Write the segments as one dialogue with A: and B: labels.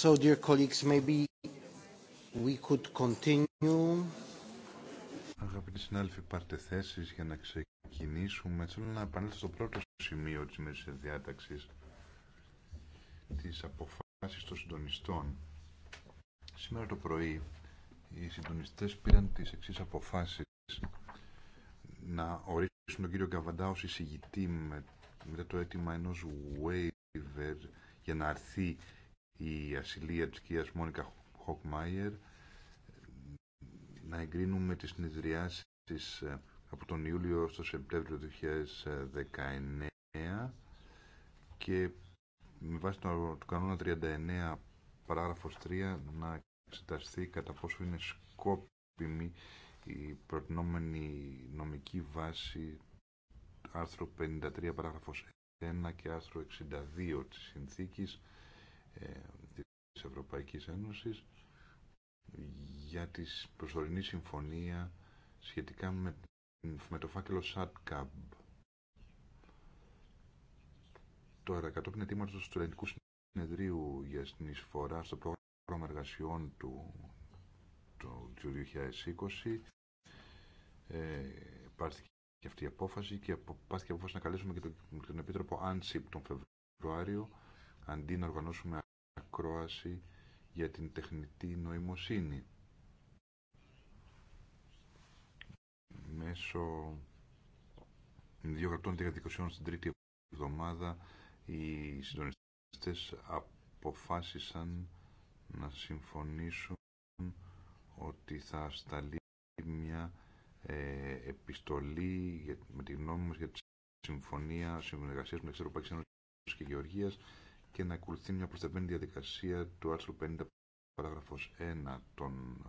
A: So, dear colleagues, maybe we could continue.
B: Αγαπητοί συνάδελφοι, πάρτε θέσει για να ξεκινήσουμε. Θέλω να επανέλθω στο πρώτο σημείο τη μέσης διάταξη τη αποφάση των συντονιστών. Σήμερα το πρωί οι συντονιστέ πήραν τι εξή αποφάσει να ορίσουν τον κύριο Καβαντά ως εισηγητή μετά το αίτημα ενός waiver για να αρθεί η ασυλία της κυρίας Μόνικα Χοκμάιερ να εγκρίνουμε τις συνειδριάσεις ε, από τον Ιούλιο στο Σεπτέμβριο του 2019 και με βάση το, το κανόνα 39 παράγραφος 3 να εξεταστεί κατά πόσο είναι σκόπιμη η προτινόμενη νομική βάση άρθρο 53 παράγραφος 1 και άρθρο 62 της συνθήκης της Ευρωπαϊκής Ένωσης για τη προσωρινή συμφωνία σχετικά με, με το φάκελο ΣΑΤΚΑΜ. Τώρα, κατόπιν αιτήματος του Ελληνικού Συνεδρίου για την εισφορά στο πρόγραμμα εργασιών του, του, 2020, ε, πάρθηκε και αυτή η απόφαση και πάρθηκε η απόφαση να καλέσουμε και τον, τον Επίτροπο Άνσιπ τον Φεβρουάριο, αντί να οργανώσουμε ακρόαση για την τεχνητή νοημοσύνη. Μέσω δύο κρατών διαδικασιών στην τρίτη εβδομάδα οι συντονιστέ αποφάσισαν να συμφωνήσουν ότι θα σταλεί μια ε, επιστολή για, με τη γνώμη μας για τη Συμφωνία Συνεργασίας μεταξύ Ευρωπαϊκή Ένωση και Γεωργίας και να ακολουθεί μια προστατευμένη διαδικασία του άρθρου 50 παράγραφος 1 των,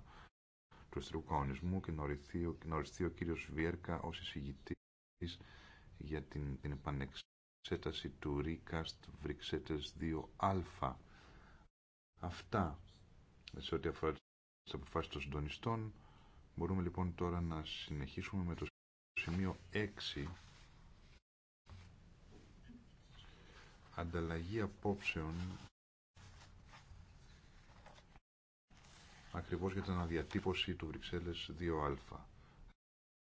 B: του ιστορικού κανονισμού και να οριστεί, να οριστεί ο κύριος Βιέρκα ως εισηγητής για την, την επανεξέταση του Recast Βρυξέτες 2α. Αυτά σε ό,τι αφορά τις αποφάσεις των συντονιστών. Μπορούμε λοιπόν τώρα να συνεχίσουμε με το σημείο 6 ανταλλαγή απόψεων ακριβώς για την αναδιατύπωση του Βρυξέλλες 2α.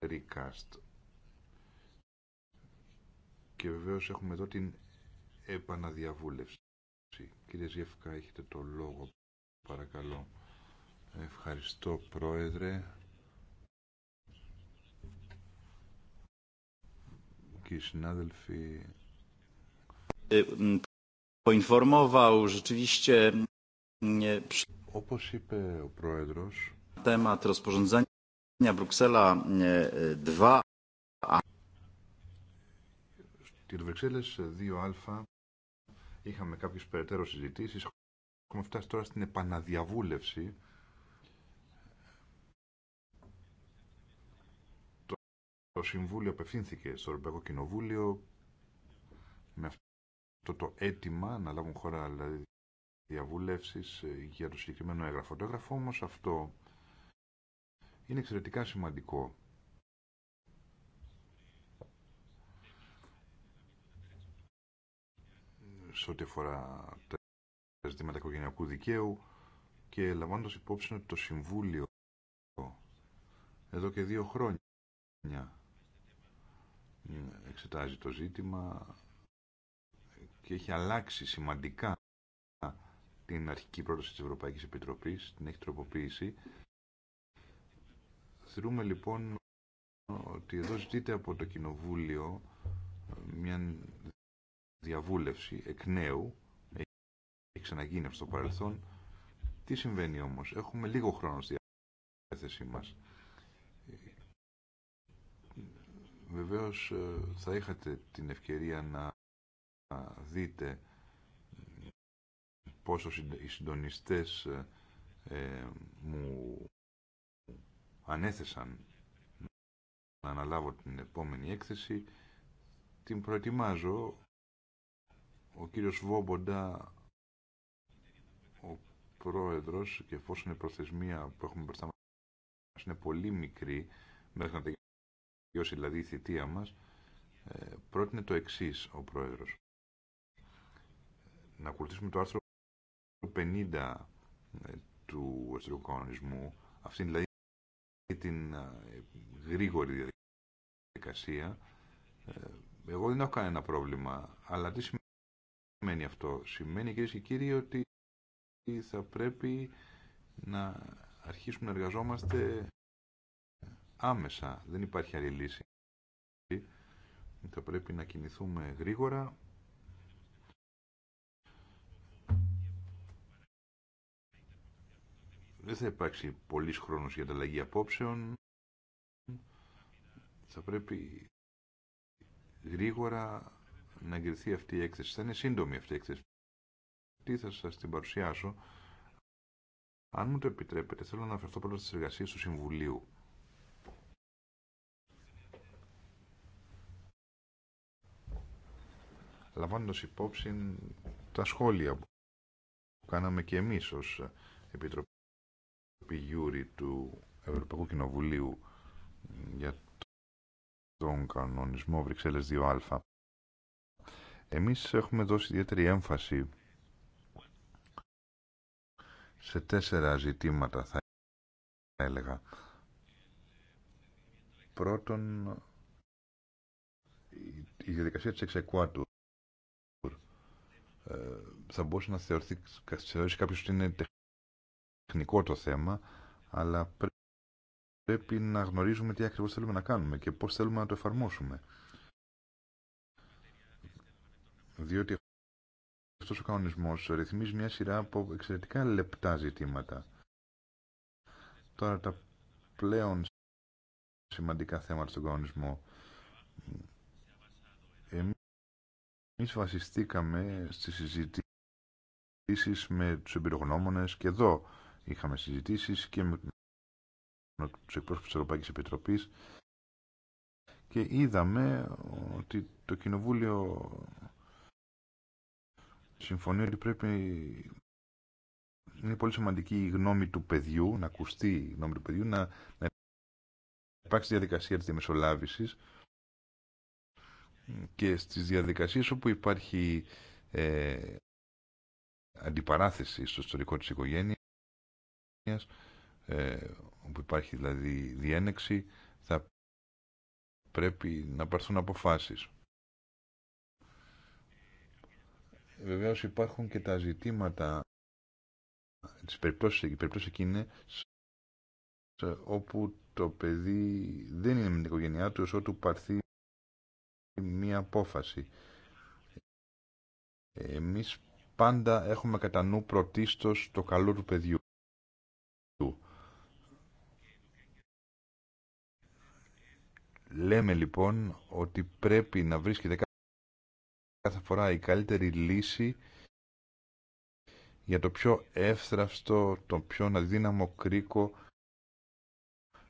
B: Recast. Και βεβαίως έχουμε εδώ την επαναδιαβούλευση. Κύριε Ζιεύκα, έχετε το λόγο, παρακαλώ. Ευχαριστώ, Πρόεδρε. Κύριοι συνάδελφοι, poinformował rzeczywiście mm, Όπως είπε ο Πρόεδρος temat rozporządzenia Bruksela 2 mm, Στην Βρυξέλλες 2α είχαμε κάποιες περαιτέρω συζητήσεις έχουμε φτάσει τώρα στην επαναδιαβούλευση το Συμβούλιο απευθύνθηκε στο Ευρωπαϊκό Κοινοβούλιο με αυτό το αίτημα να λάβουν χώρα δηλαδή, διαβούλευσης ε, για το συγκεκριμένο έγγραφο. Το έγγραφο όμως αυτό είναι εξαιρετικά σημαντικό. σε ό,τι αφορά τα ζητήματα οικογενειακού δικαίου και λαμβάνοντας υπόψη ότι το Συμβούλιο εδώ και δύο χρόνια εξετάζει το ζήτημα και έχει αλλάξει σημαντικά την αρχική πρόταση της Ευρωπαϊκής Επιτροπής, την έχει τροποποιήσει. Θεωρούμε λοιπόν ότι εδώ ζητείται από το Κοινοβούλιο ε, μια διαβούλευση εκ νέου, έχει ξαναγίνει αυτό το παρελθόν. Τι συμβαίνει όμως, έχουμε λίγο χρόνο στη διάθεσή μας. Βεβαίως ε, θα είχατε την ευκαιρία να δείτε ε, πόσο οι συντονιστές ε, ε, μου ανέθεσαν να αναλάβω την επόμενη έκθεση την προετοιμάζω ο κύριος Βόμποντα ο πρόεδρος και εφόσον η προθεσμία που έχουμε μπροστά μας είναι πολύ μικρή μέχρι να τελειώσει δηλαδή η θητεία μας πρότεινε το εξής ο πρόεδρος να ακολουθήσουμε το άρθρο 50 ε, του εσωτερικού κανονισμού, αυτήν δηλαδή την ε, γρήγορη διαδικασία, ε, εγώ δεν έχω κανένα πρόβλημα. Αλλά τι σημαίνει αυτό. Σημαίνει κυρίε και κύριοι ότι θα πρέπει να αρχίσουμε να εργαζόμαστε άμεσα. Δεν υπάρχει άλλη λύση. Θα πρέπει να κινηθούμε γρήγορα δεν θα υπάρξει πολλής χρόνος για ανταλλαγή απόψεων. Θα πρέπει γρήγορα να εγκριθεί αυτή η έκθεση. Θα είναι σύντομη αυτή η έκθεση. Τι θα σας την παρουσιάσω. Αν μου το επιτρέπετε, θέλω να αναφερθώ πρώτα στις εργασίες του Συμβουλίου. Λαμβάνοντας υπόψη τα σχόλια που κάναμε και εμείς ως Επιτροπή του Ευρωπαϊκού Κοινοβουλίου για τον κανονισμό Βρυξέλλες 2α. Εμείς έχουμε δώσει ιδιαίτερη έμφαση σε τέσσερα ζητήματα θα έλεγα. Πρώτον, η διαδικασία της εξεκουάτου ε, θα μπορούσε να θεωρήσει κάποιος ότι είναι τεχνικό το θέμα, αλλά πρέπει να γνωρίζουμε τι ακριβώς θέλουμε να κάνουμε και πώς θέλουμε να το εφαρμόσουμε. Διότι αυτός ο κανονισμός ρυθμίζει μια σειρά από εξαιρετικά λεπτά ζητήματα. Τώρα τα πλέον σημαντικά θέματα στον κανονισμό. Εμείς βασιστήκαμε στις συζητήσεις με τους εμπειρογνώμονες και εδώ Είχαμε συζητήσει και με του εκπρόσωπου τη Ευρωπαϊκή Επιτροπής και είδαμε ότι το Κοινοβούλιο συμφωνεί ότι πρέπει είναι πολύ σημαντική η γνώμη του παιδιού, να ακουστεί η γνώμη του παιδιού, να, να υπάρξει διαδικασία τη διαμεσολάβησης και στις διαδικασίες όπου υπάρχει ε, αντιπαράθεση στο ιστορικό της οικογένειας ε, όπου υπάρχει δηλαδή διένεξη, θα πρέπει να πάρθουν αποφάσεις. Βεβαίω υπάρχουν και τα ζητήματα τις περιπτώσεις, οι περιπτώσεις εκείνες όπου το παιδί δεν είναι με την οικογένειά του ότου πάρθει μία απόφαση. Εμείς πάντα έχουμε κατά νου πρωτίστως το καλό του παιδιού. Λέμε λοιπόν ότι πρέπει να βρίσκεται κάθε φορά η καλύτερη λύση για το πιο εύθραυστο, το πιο αδύναμο κρίκο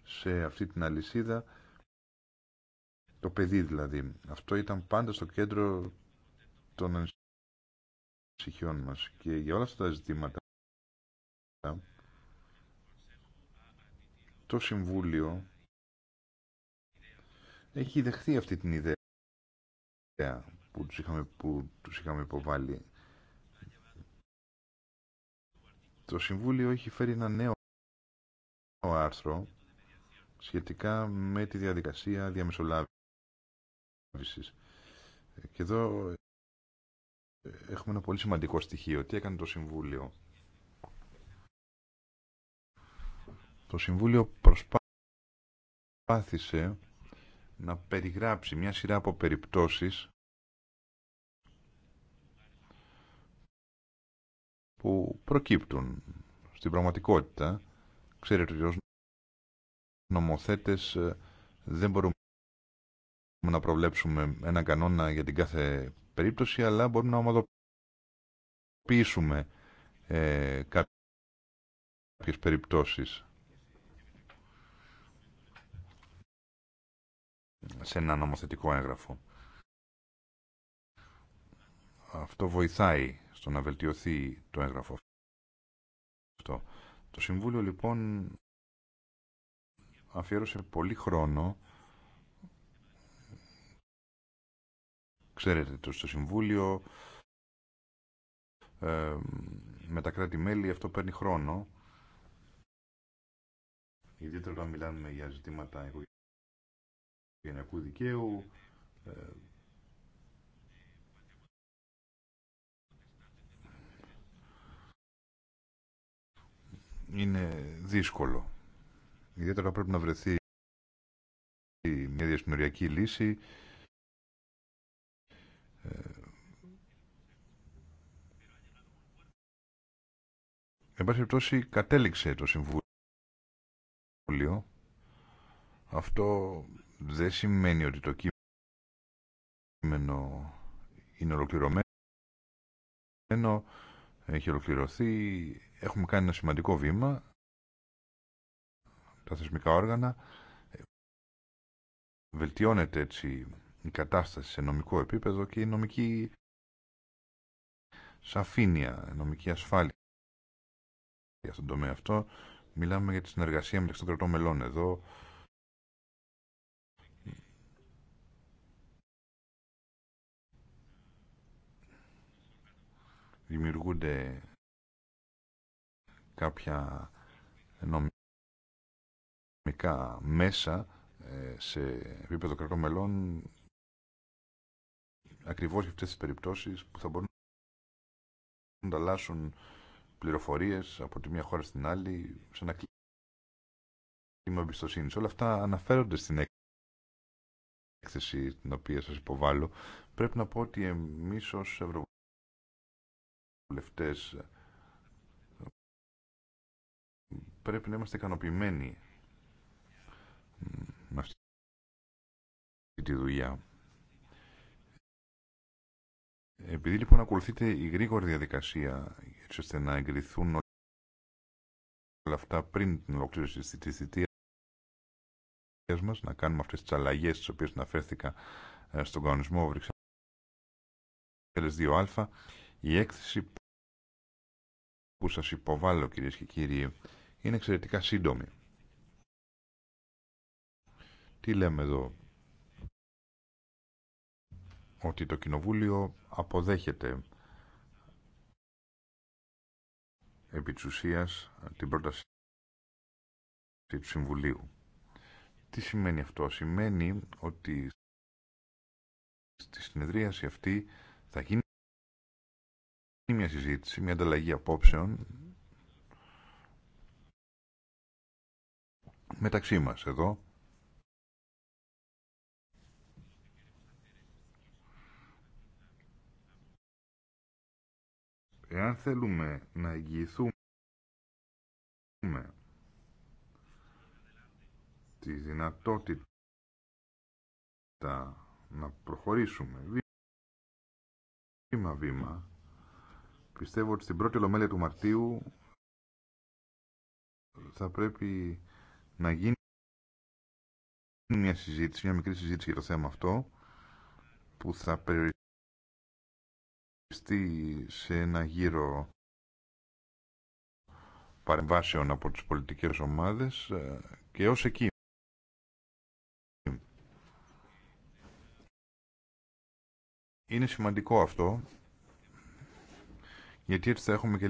B: σε αυτή την αλυσίδα, το παιδί δηλαδή. Αυτό ήταν πάντα στο κέντρο των ανησυχιών μας και για όλα αυτά τα ζητήματα το Συμβούλιο έχει δεχθεί αυτή την ιδέα που τους είχαμε, που τους είχαμε υποβάλει. Το Συμβούλιο έχει φέρει ένα νέο άρθρο σχετικά με τη διαδικασία διαμεσολάβησης. Και εδώ ε, έχουμε ένα πολύ σημαντικό στοιχείο. Τι έκανε το Συμβούλιο. Το Συμβούλιο προσπάθησε να περιγράψει μια σειρά από περιπτώσεις που προκύπτουν στην πραγματικότητα. Ξέρετε ότι ως νομοθέτες ε, δεν μπορούμε να προβλέψουμε ένα κανόνα για την κάθε περίπτωση, αλλά μπορούμε να ομαδοποιήσουμε ε, κάποιες περιπτώσεις. σε ένα νομοθετικό έγγραφο. Αυτό βοηθάει στο να βελτιωθεί το έγγραφο αυτό. Το Συμβούλιο λοιπόν αφιέρωσε πολύ χρόνο ξέρετε το στο Συμβούλιο ε, με τα κράτη-μέλη αυτό παίρνει χρόνο ιδιαίτερα όταν μιλάμε για ζητήματα γενικού δικαίου, ε, είναι δύσκολο. Ιδιαίτερα πρέπει να βρεθεί μια διασυνοριακή λύση ε, Εν πάση περιπτώσει κατέληξε το Συμβούλιο. Αυτό δεν σημαίνει ότι το κείμενο είναι ολοκληρωμένο, έχει ολοκληρωθεί, έχουμε κάνει ένα σημαντικό βήμα, τα θεσμικά όργανα, βελτιώνεται έτσι η κατάσταση σε νομικό επίπεδο και η νομική σαφήνεια, η νομική ασφάλεια τον τομέα αυτό. Μιλάμε για τη συνεργασία μεταξύ των κρατών μελών εδώ, δημιουργούνται κάποια νομικά μέσα ε, σε επίπεδο κρατών μελών ακριβώς για αυτές τις περιπτώσεις που θα μπορούν να ανταλλάσσουν πληροφορίες από τη μία χώρα στην άλλη σε ένα κλίμα εμπιστοσύνη. Όλα αυτά αναφέρονται στην έκθεση την οποία σας υποβάλλω. Πρέπει να πω ότι εμείς ως Ευρωπαϊκοί ε, πρέπει να είμαστε ικανοποιημένοι με αυτή τη δουλειά. Επειδή λοιπόν ακολουθείται η γρήγορη διαδικασία έτσι ώστε να εγκριθούν όλα αυτά πριν την ολοκλήρωση της θητείας μας, να κάνουμε αυτές τις αλλαγές τις οποίες αναφέρθηκα ε, στον κανονισμό Βρυξέλλες 2α, η έκθεση που σας υποβάλλω κυρίες και κύριοι είναι εξαιρετικά σύντομη. Τι λέμε εδώ. Ότι το Κοινοβούλιο αποδέχεται επί της ουσίας, την πρόταση του Συμβουλίου. Τι σημαίνει αυτό. Σημαίνει ότι στη συνεδρίαση αυτή θα γίνει μια συζήτηση, μια ανταλλαγή απόψεων μεταξύ μας εδώ. Εάν θέλουμε να εγγυηθούμε τη δυνατότητα να προχωρήσουμε βήμα-βήμα Πιστεύω ότι στην πρώτη ολομέλεια του Μαρτίου θα πρέπει να γίνει μια συζήτηση, μια μικρή συζήτηση για το θέμα αυτό που θα περιοριστεί σε ένα γύρο παρεμβάσεων από τις πολιτικές ομάδες ε, και ως εκεί. Είναι σημαντικό αυτό γιατί έτσι θα έχουμε και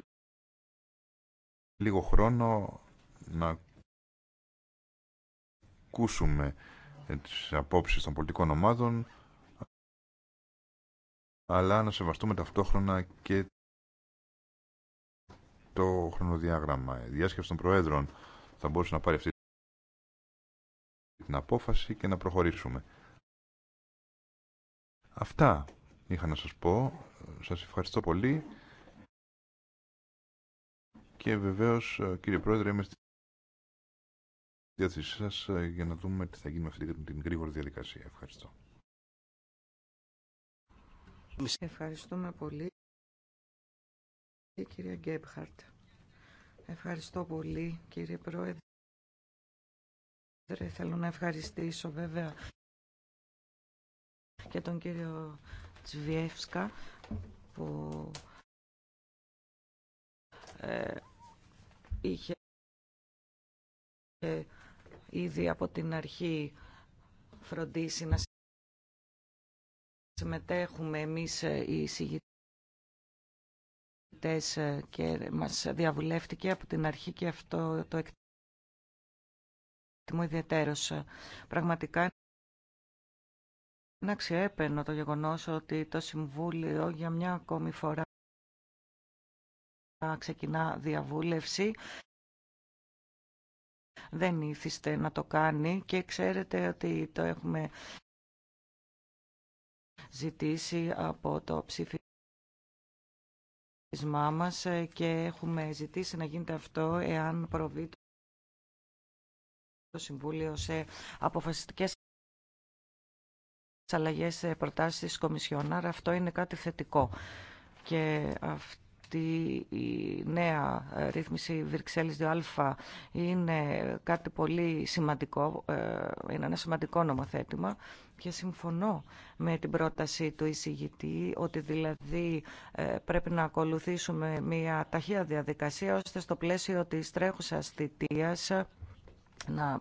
B: λίγο χρόνο να ακούσουμε ε, τις απόψεις των πολιτικών ομάδων αλλά να σεβαστούμε ταυτόχρονα και το χρονοδιάγραμμα. Η διάσκεψη των Προέδρων θα μπορούσε να πάρει αυτή την απόφαση και να προχωρήσουμε. Αυτά είχα να σας πω. Σας ευχαριστώ πολύ και βεβαίω ε, κύριε Πρόεδρε είμαι στη διάθεσή σας ε, για να δούμε τι θα γίνει με αυτή την γρήγορη διαδικασία. Ευχαριστώ.
C: Ευχαριστούμε πολύ κύριε Γκέμπχαρτ. Ευχαριστώ πολύ κύριε Πρόεδρε. Θέλω να ευχαριστήσω βέβαια και τον κύριο Τσβιεύσκα που ε, είχε ε, ήδη από την αρχή φροντίσει να συμμετέχουμε εμείς ε, οι συγγητές ε, και μας διαβουλεύτηκε από την αρχή και αυτό το εκτιμώ ιδιαίτερος. Πραγματικά είναι αξιέπαινο το γεγονός ότι το Συμβούλιο για μια ακόμη φορά ξεκινά διαβούλευση. Δεν ήθιστε να το κάνει και ξέρετε ότι το έχουμε ζητήσει από το ψηφισμά μας και έχουμε ζητήσει να γίνεται αυτό εάν προβεί το Συμβούλιο σε αποφασιστικές αλλαγές προτάσεις της Κομισιόν. Άρα αυτό είναι κάτι θετικό. Και αυτό αυτή η νέα ρύθμιση Βρυξέλλης 2α είναι κάτι πολύ σημαντικό, ε, είναι ένα σημαντικό νομοθέτημα και συμφωνώ με την πρόταση του εισηγητή ότι δηλαδή ε, πρέπει να ακολουθήσουμε μια ταχεία διαδικασία ώστε στο πλαίσιο της τρέχουσας θητείας να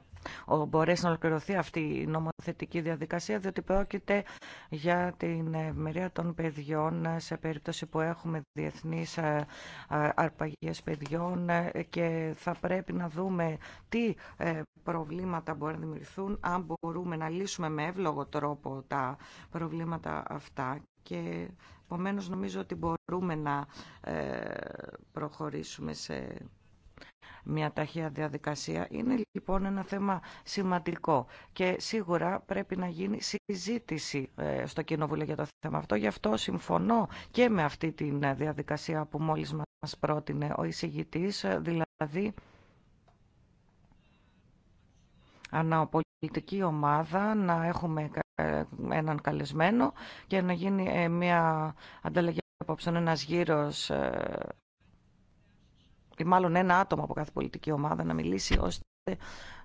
C: μπορέσει να ολοκληρωθεί αυτή η νομοθετική διαδικασία, διότι πρόκειται για την ευμερία των παιδιών σε περίπτωση που έχουμε διεθνείς ε, ε, αρπαγίες παιδιών ε, και θα πρέπει να δούμε τι προβλήματα μπορεί να δημιουργηθούν, αν μπορούμε να λύσουμε με εύλογο τρόπο τα προβλήματα αυτά και επομένως νομίζω ότι μπορούμε να προχωρήσουμε σε μια ταχεία διαδικασία. Είναι λοιπόν ένα θέμα σημαντικό και σίγουρα πρέπει να γίνει συζήτηση ε, στο Κοινοβούλιο για το θέμα αυτό. Γι' αυτό συμφωνώ και με αυτή τη ε, διαδικασία που μόλις μας πρότεινε ο εισηγητής, ε, δηλαδή αναπολιτική ομάδα να έχουμε έναν καλεσμένο και να γίνει μια ανταλλαγή απόψε ένας γύρος ή μάλλον ένα άτομο από κάθε πολιτική ομάδα να μιλήσει ώστε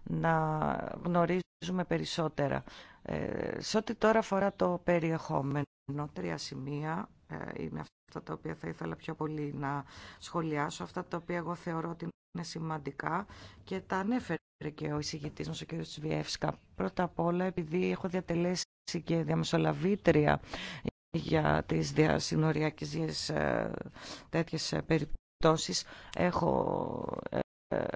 C: να γνωρίζουμε περισσότερα. Ε, σε ό,τι τώρα αφορά το περιεχόμενο, τρία σημεία ε, είναι αυτά τα οποία θα ήθελα πιο πολύ να σχολιάσω, αυτά τα οποία εγώ θεωρώ ότι είναι σημαντικά και τα ανέφερε και ο εισηγητή μα, ο κ. Σβιεύσκα. Πρώτα απ' όλα, επειδή έχω διατελέσει και διαμεσολαβήτρια για τις διασυνοριακές ε, τέτοιες ε, περιπτώσεις, έχω ε, ε,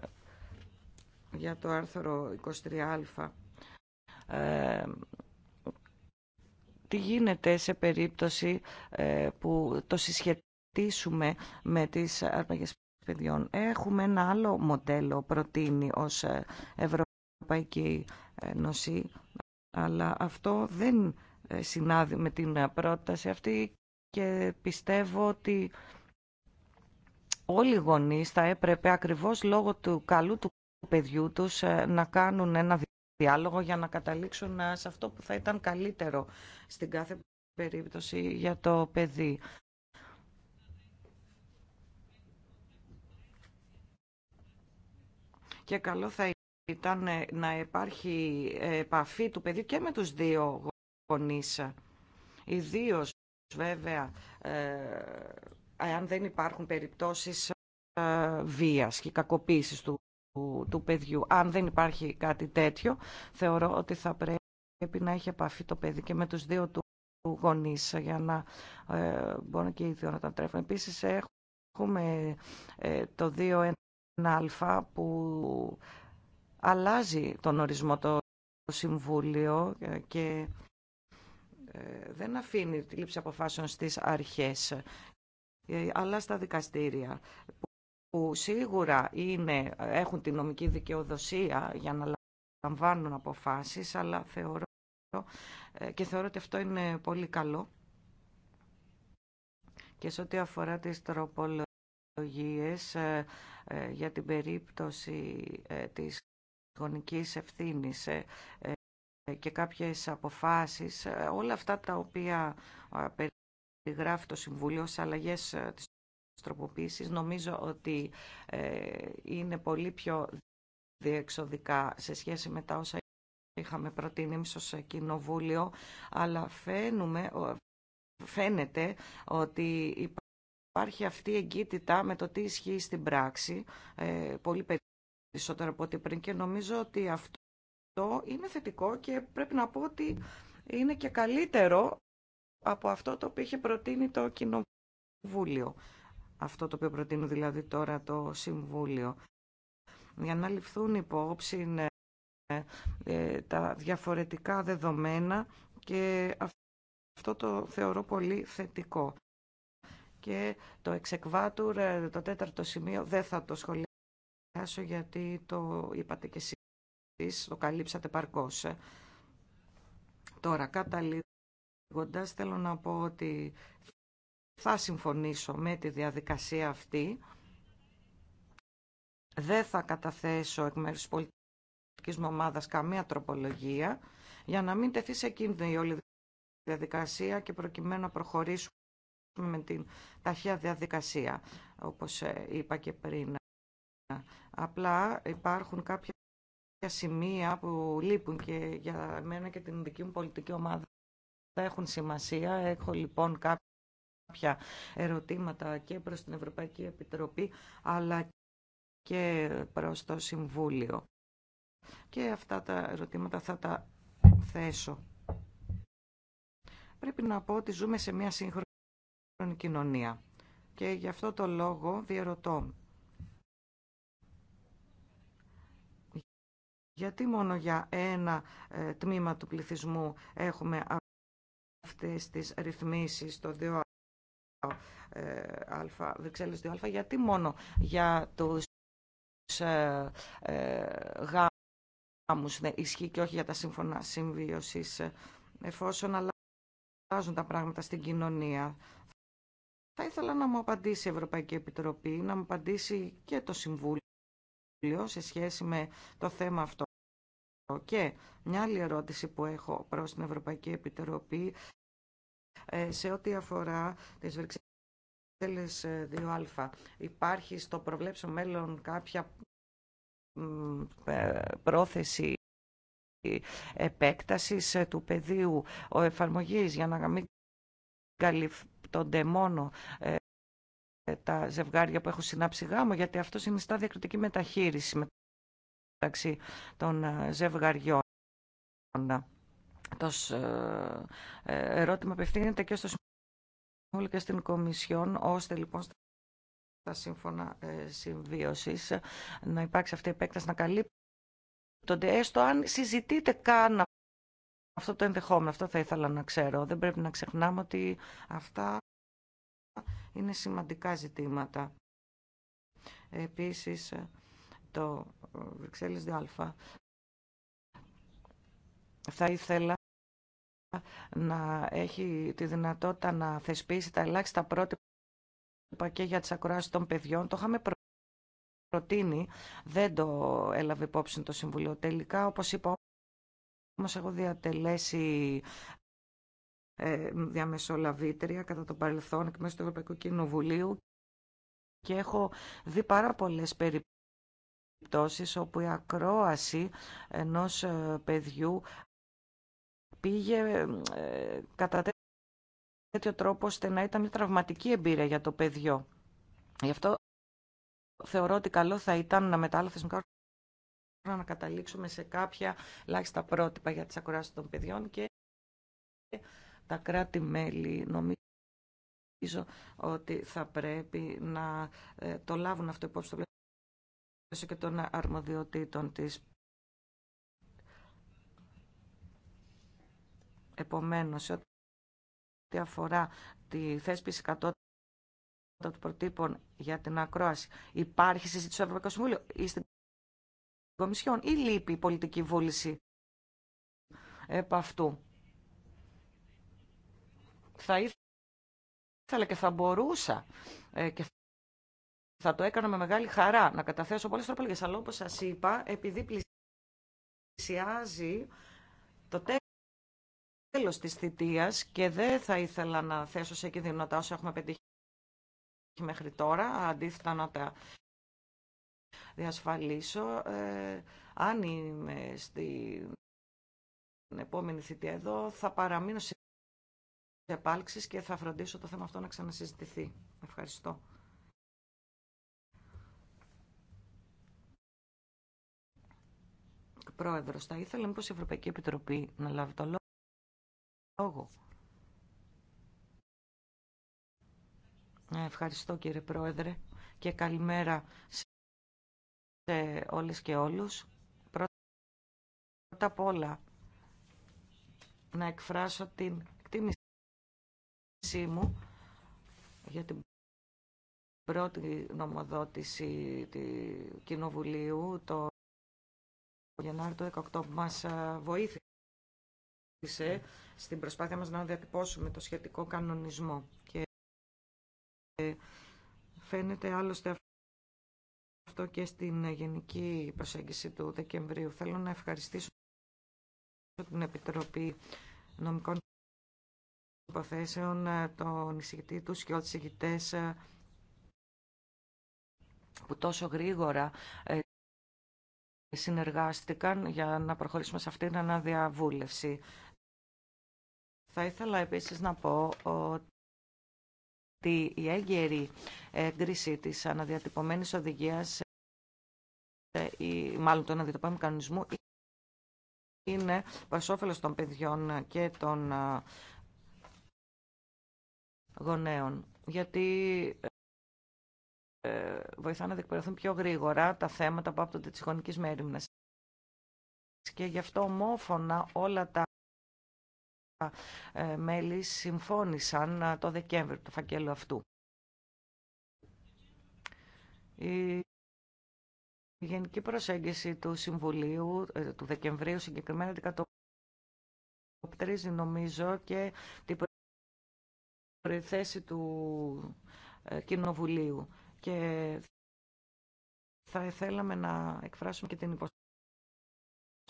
C: για το άρθρο 23α. Ε, τι γίνεται σε περίπτωση ε, που το συσχετίσουμε με τις αρπαγές παιδιών. Έχουμε ένα άλλο μοντέλο προτείνει ως Ευρωπαϊκή Ένωση, αλλά αυτό δεν συνάδει με την πρόταση αυτή και πιστεύω ότι όλοι οι γονείς θα έπρεπε ακριβώς λόγω του καλού του παιδιού τους ε, να κάνουν ένα διάλογο για να καταλήξουν ε, σε αυτό που θα ήταν καλύτερο στην κάθε περίπτωση για το παιδί. Και καλό θα ήταν ε, να υπάρχει επαφή του παιδιού και με τους δύο γονείς. Ιδίως βέβαια αν δεν υπάρχουν περιπτώσεις ε, βίας και κακοποίησης του, του, παιδιού. Αν δεν υπάρχει κάτι τέτοιο, θεωρώ ότι θα πρέπει να έχει επαφή το παιδί και με τους δύο του γονείς για να ε, μπορούν και οι δύο να τα τρέφουν. Επίσης έχουμε ε, το 1 α που αλλάζει τον ορισμό το Συμβούλιο και ε, δεν αφήνει τη λήψη αποφάσεων στις αρχές. Ε, αλλά στα δικαστήρια που σίγουρα είναι, έχουν τη νομική δικαιοδοσία για να λαμβάνουν αποφάσεις, αλλά θεωρώ ε, και θεωρώ ότι αυτό είναι πολύ καλό. Και σε ό,τι αφορά τις τροπολογίες ε, για την περίπτωση της γονικής ευθύνης και κάποιες αποφάσεις, όλα αυτά τα οποία γράφει το Συμβούλιο σε αλλαγές ε, της τροποποίησης, νομίζω ότι ε, είναι πολύ πιο διεξοδικά σε σχέση με τα όσα είχαμε προτείνει εμείς ως Κοινοβούλιο, αλλά φαίνουμε, φαίνεται ότι υπάρχει αυτή η εγκύτητα με το τι ισχύει στην πράξη, ε, πολύ περισσότερο από ό,τι πριν και νομίζω ότι αυτό είναι θετικό και πρέπει να πω ότι είναι και καλύτερο από αυτό το οποίο είχε προτείνει το Κοινοβούλιο. Αυτό το οποίο προτείνει δηλαδή τώρα το Συμβούλιο. Για να ληφθούν υπόψη ναι, ε, τα διαφορετικά δεδομένα και αυτό το θεωρώ πολύ θετικό. Και το εξεκβάτουρ, ε, το τέταρτο σημείο, δεν θα το σχολιάσω γιατί το είπατε και εσείς, το καλύψατε παρκώς. Τώρα, καταλήγω Γοντάς θέλω να πω ότι θα συμφωνήσω με τη διαδικασία αυτή. Δεν θα καταθέσω εκ μέρους της πολιτικής μου ομάδας καμία τροπολογία για να μην τεθεί σε κίνδυνο η όλη διαδικασία και προκειμένου να προχωρήσουμε με την ταχεία διαδικασία, όπως ε, είπα και πριν. Απλά υπάρχουν κάποια σημεία που λείπουν και για μένα και την δική μου πολιτική ομάδα έχουν σημασία. Έχω λοιπόν κάποια ερωτήματα και προς την Ευρωπαϊκή Επιτροπή αλλά και προς το Συμβούλιο. Και αυτά τα ερωτήματα θα τα θέσω. Πρέπει να πω ότι ζούμε σε μια σύγχρονη κοινωνία και γι' αυτό το λόγο διαρωτώ. Γιατί μόνο για ένα ε, τμήμα του πληθυσμού έχουμε αυτές τις ρυθμίσεις στο 2α, ε, Βρυξέλλες 2α, γιατί μόνο για τους ε, ε γάμους ναι, ισχύει και όχι για τα σύμφωνα συμβίωσης, ε, εφόσον αλλάζουν τα πράγματα στην κοινωνία. Θα ήθελα να μου απαντήσει η Ευρωπαϊκή Επιτροπή, να μου απαντήσει και το Συμβούλιο σε σχέση με το θέμα αυτό. Και μια άλλη ερώτηση που έχω προς την Ευρωπαϊκή Επιτροπή ε, σε ό,τι αφορά τις Βρυξέλλες 2α. Ε, υπάρχει στο προβλέψο μέλλον κάποια ε, πρόθεση επέκτασης του πεδίου ο εφαρμογής για να μην καλυπτονται μόνο τα ζευγάρια που έχουν συνάψει γάμο, γιατί αυτό στα διακριτική μεταχείριση μεταξύ των ζευγαριών. Το ε, ε, ερώτημα απευθύνεται και στο Συμβούλιο και στην Κομισιόν, ώστε λοιπόν στα σύμφωνα ε, συμβίωσης να υπάρξει αυτή η επέκταση να καλύπτονται, έστω αν συζητείτε καν αυτό το ενδεχόμενο. Αυτό θα ήθελα να ξέρω. Δεν πρέπει να ξεχνάμε ότι αυτά είναι σημαντικά ζητήματα. Επίσης, το Βρυξέλλες ΔΑ θα ήθελα να έχει τη δυνατότητα να θεσπίσει τα ελάχιστα πρότυπα και για τις ακροάσεις των παιδιών. Το είχαμε προτείνει, δεν το έλαβε υπόψη το Συμβουλίο τελικά. Όπως είπα όμως έχω διατελέσει ε, διαμεσολαβήτρια κατά τον παρελθόν εκ μέσω του Ευρωπαϊκού Κοινοβουλίου και έχω δει πάρα πολλές περιπτώσεις όπου η ακρόαση ενός ε, παιδιού πήγε ε, κατά τέτοιο τρόπο ώστε να ήταν μια τραυματική εμπειρία για το παιδιό. Γι' αυτό θεωρώ ότι καλό θα ήταν να μεταλάβουμε να καταλήξουμε σε κάποια ελάχιστα πρότυπα για τις ακουράσεις των παιδιών και τα κράτη-μέλη νομίζω ότι θα πρέπει να ε, το λάβουν αυτό υπόψη στο και των αρμοδιοτήτων της Επομένως, ό,τι αφορά τη θέσπιση κατώτατων του προτύπων για την ακρόαση, υπάρχει συζήτηση στο Ευρωπαϊκό Συμβούλιο ή στην Κομισιόν ή λείπει η πολιτική βούληση επ' αυτού. Θα ήθελα και θα μπορούσα ε, και θα το έκανα με μεγάλη χαρά να καταθέσω πολλές τροπολογίες, αλλά όπως σας είπα, επειδή πλησιάζει το τέλος τέλος της θητείας και δεν θα ήθελα να θέσω σε κίνδυνο τα όσα έχουμε πετύχει μέχρι τώρα, αντίθετα να τα διασφαλίσω. Ε, αν είμαι στην επόμενη θητεία εδώ, θα παραμείνω σε επάλξεις και θα φροντίσω το θέμα αυτό να ξανασυζητηθεί. Ευχαριστώ. Πρόεδρος, θα ήθελα μήπως η Ευρωπαϊκή Επιτροπή να λάβει το λόγο. Ευχαριστώ κύριε Πρόεδρε και καλημέρα σε όλες και όλους. Πρώτα απ' όλα να εκφράσω την εκτίμησή μου για την πρώτη νομοδότηση του Κοινοβουλίου το Γενάρη του 18 που μας ε, βοήθησε στην προσπάθεια μας να διατυπώσουμε το σχετικό κανονισμό. Και φαίνεται άλλωστε αυτό και στην γενική προσέγγιση του Δεκεμβρίου. Θέλω να ευχαριστήσω την Επιτροπή Νομικών Υποθέσεων, τον εισηγητή του και όλους τους που τόσο γρήγορα ε, συνεργάστηκαν για να προχωρήσουμε σε αυτήν την αναδιαβούλευση. Θα ήθελα επίσης να πω ότι η έγκαιρη έγκριση της αναδιατυπωμένης οδηγίας ή ε, μάλλον του αναδιατυπωμένου κανονισμού είναι προς όφελος των παιδιών και των ε, γονέων. Γιατί ε, βοηθά να διεκπαιρεθούν πιο γρήγορα τα θέματα που άπτονται τη γονική μέρημνα. Και γι' αυτό ομόφωνα όλα τα ε, μέλη συμφώνησαν ε, το Δεκέμβριο του φακέλου αυτού. Η γενική προσέγγιση του Συμβουλίου ε, του Δεκεμβρίου συγκεκριμένα αντικατοπτρίζει νομίζω και την προϋθέση του Κοινοβουλίου και θα θέλαμε να εκφράσουμε και την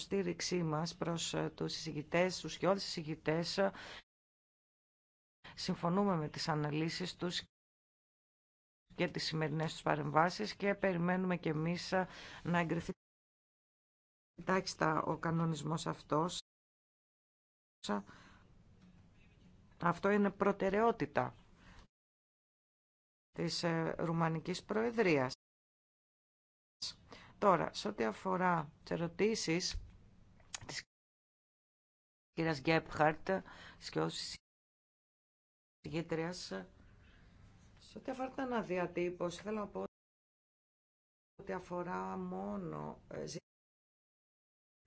C: στήριξή μας προς ε, τους συζητητές, τους σκιώδεις συζητητές. Συμφωνούμε με τις αναλύσεις τους και τις σημερινές τους παρεμβάσεις και περιμένουμε και εμείς ε, να εγκριθεί τάχιστα ο κανονισμός αυτός. Αυτό είναι προτεραιότητα της ε, Ρουμανικής Προεδρίας. Τώρα, σε ό,τι αφορά τις ερωτήσεις κυρία Γκέπχαρτ και ως συγκήτριας. Σε ό,τι αφορά την αναδιατύπωση, θέλω να πω ότι αφορά μόνο ε,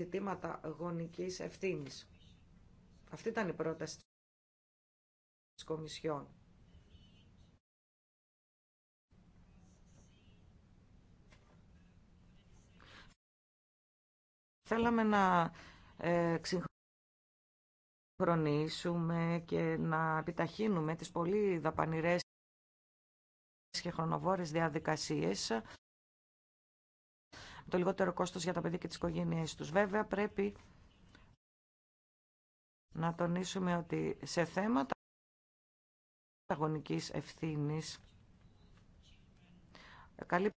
C: ζητήματα γονικής ευθύνης. Αυτή ήταν η πρόταση της Κομισιόν. Θέλαμε να ε, και να επιταχύνουμε τις πολύ δαπανηρές και χρονοβόρες διαδικασίες το λιγότερο κόστος για τα παιδιά και τις οικογένειές τους. Βέβαια πρέπει να τονίσουμε ότι σε θέματα αγωνικής ευθύνης καλύπτονται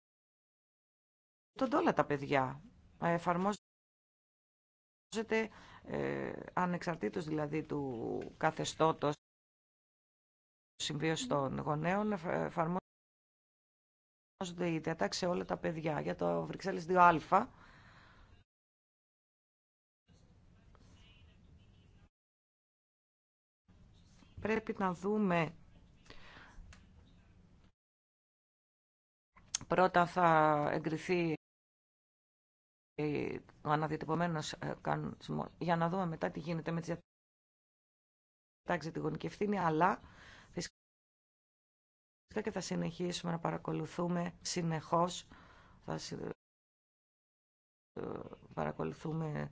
C: όλα τα παιδιά. Εφαρμόζεται ε, ανεξαρτήτως δηλαδή του καθεστώτος συμβίωση των γονέων εφαρμόζονται οι διατάξει σε όλα τα παιδιά. Για το Βρυξέλλες 2α πρέπει να δούμε πρώτα θα εγκριθεί ο αναδιατυπωμένος ε, κανονισμός για να δούμε μετά τι γίνεται με τις διατάξεις τη γονική ευθύνη, αλλά φυσικά και θα συνεχίσουμε να παρακολουθούμε συνεχώς, θα ε, παρακολουθούμε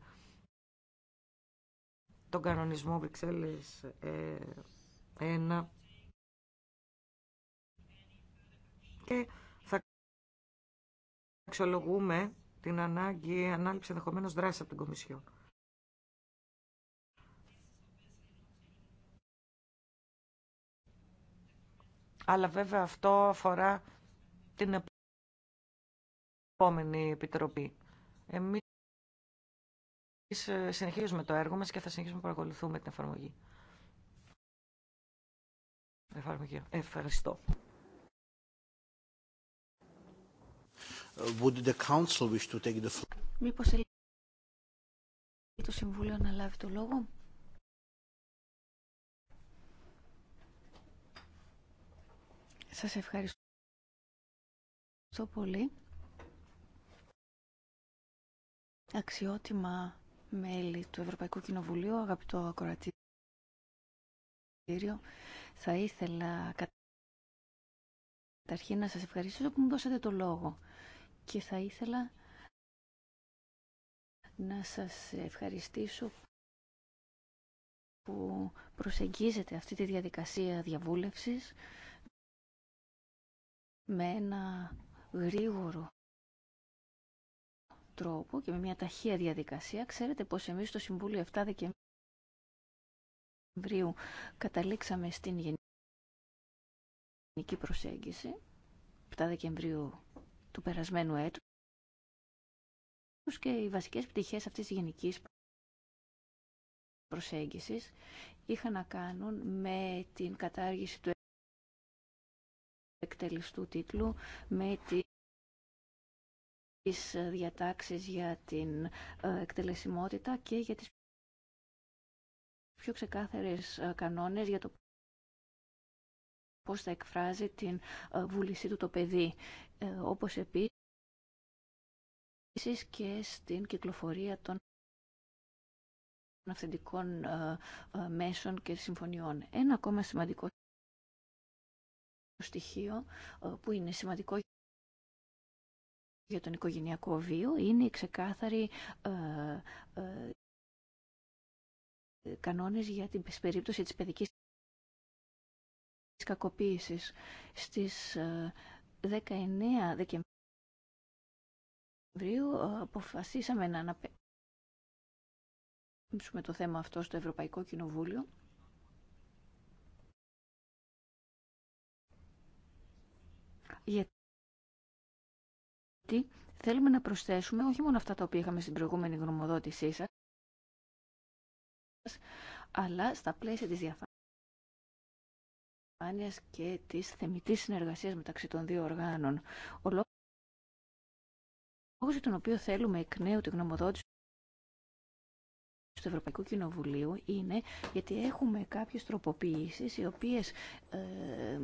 C: τον κανονισμό Βρυξέλλες ε, ένα και θα αξιολογούμε την ανάγκη ανάληψη ενδεχομένω δράση από την Κομισιόν. Αλλά βέβαια αυτό αφορά την επόμενη επιτροπή. Εμείς συνεχίζουμε το έργο μας και θα συνεχίσουμε να παρακολουθούμε την εφαρμογή. Ευχαριστώ.
A: Would the council wish to take the
D: Μήπως το Συμβούλιο να λάβει το λόγο. Σας ευχαριστώ πολύ. Αξιότιμα μέλη του Ευρωπαϊκού Κοινοβουλίου, αγαπητό ακροατήριο, θα ήθελα καταρχήν να σας ευχαριστήσω που μου δώσατε το λόγο και θα ήθελα να σας ευχαριστήσω που προσεγγίζετε αυτή τη διαδικασία διαβούλευσης με ένα γρήγορο τρόπο και με μια ταχεία διαδικασία. Ξέρετε πως εμείς στο Συμβούλιο 7 Δεκεμβρίου καταλήξαμε στην γενική προσέγγιση. 7 Δεκεμβρίου του περασμένου έτου, και οι βασικές πτυχές αυτής της γενικής προσέγγισης είχαν να κάνουν με την κατάργηση του εκτελεστού τίτλου, με τις διατάξεις για την ε, εκτελεσιμότητα και για τις πιο ξεκάθαρες ε, κανόνες για το πώς θα εκφράζει την ε, βούλησή του το παιδί. Ε, όπως επίσης και στην κυκλοφορία των αυθεντικών ε, μέσων και συμφωνιών. Ένα ακόμα σημαντικό στοιχείο που είναι σημαντικό για τον οικογενειακό βίο είναι οι ξεκάθαροι κανόνες για την περίπτωση της παιδικής κακοποίησης στις 19 ε, Δεκεμβρίου ε, αποφασίσαμε να αναπέμψουμε το θέμα αυτό στο Ευρωπαϊκό Κοινοβούλιο γιατί θέλουμε να προσθέσουμε όχι μόνο αυτά τα οποία είχαμε στην προηγούμενη γνωμοδότησή σας αλλά στα πλαίσια της διαφάνειας και της θεμητής συνεργασίας μεταξύ των δύο οργάνων. Ο λόγος για τον οποίο θέλουμε εκ νέου τη γνωμοδότηση του Ευρωπαϊκού Κοινοβουλίου είναι γιατί έχουμε κάποιες τροποποιήσεις οι οποίες ε,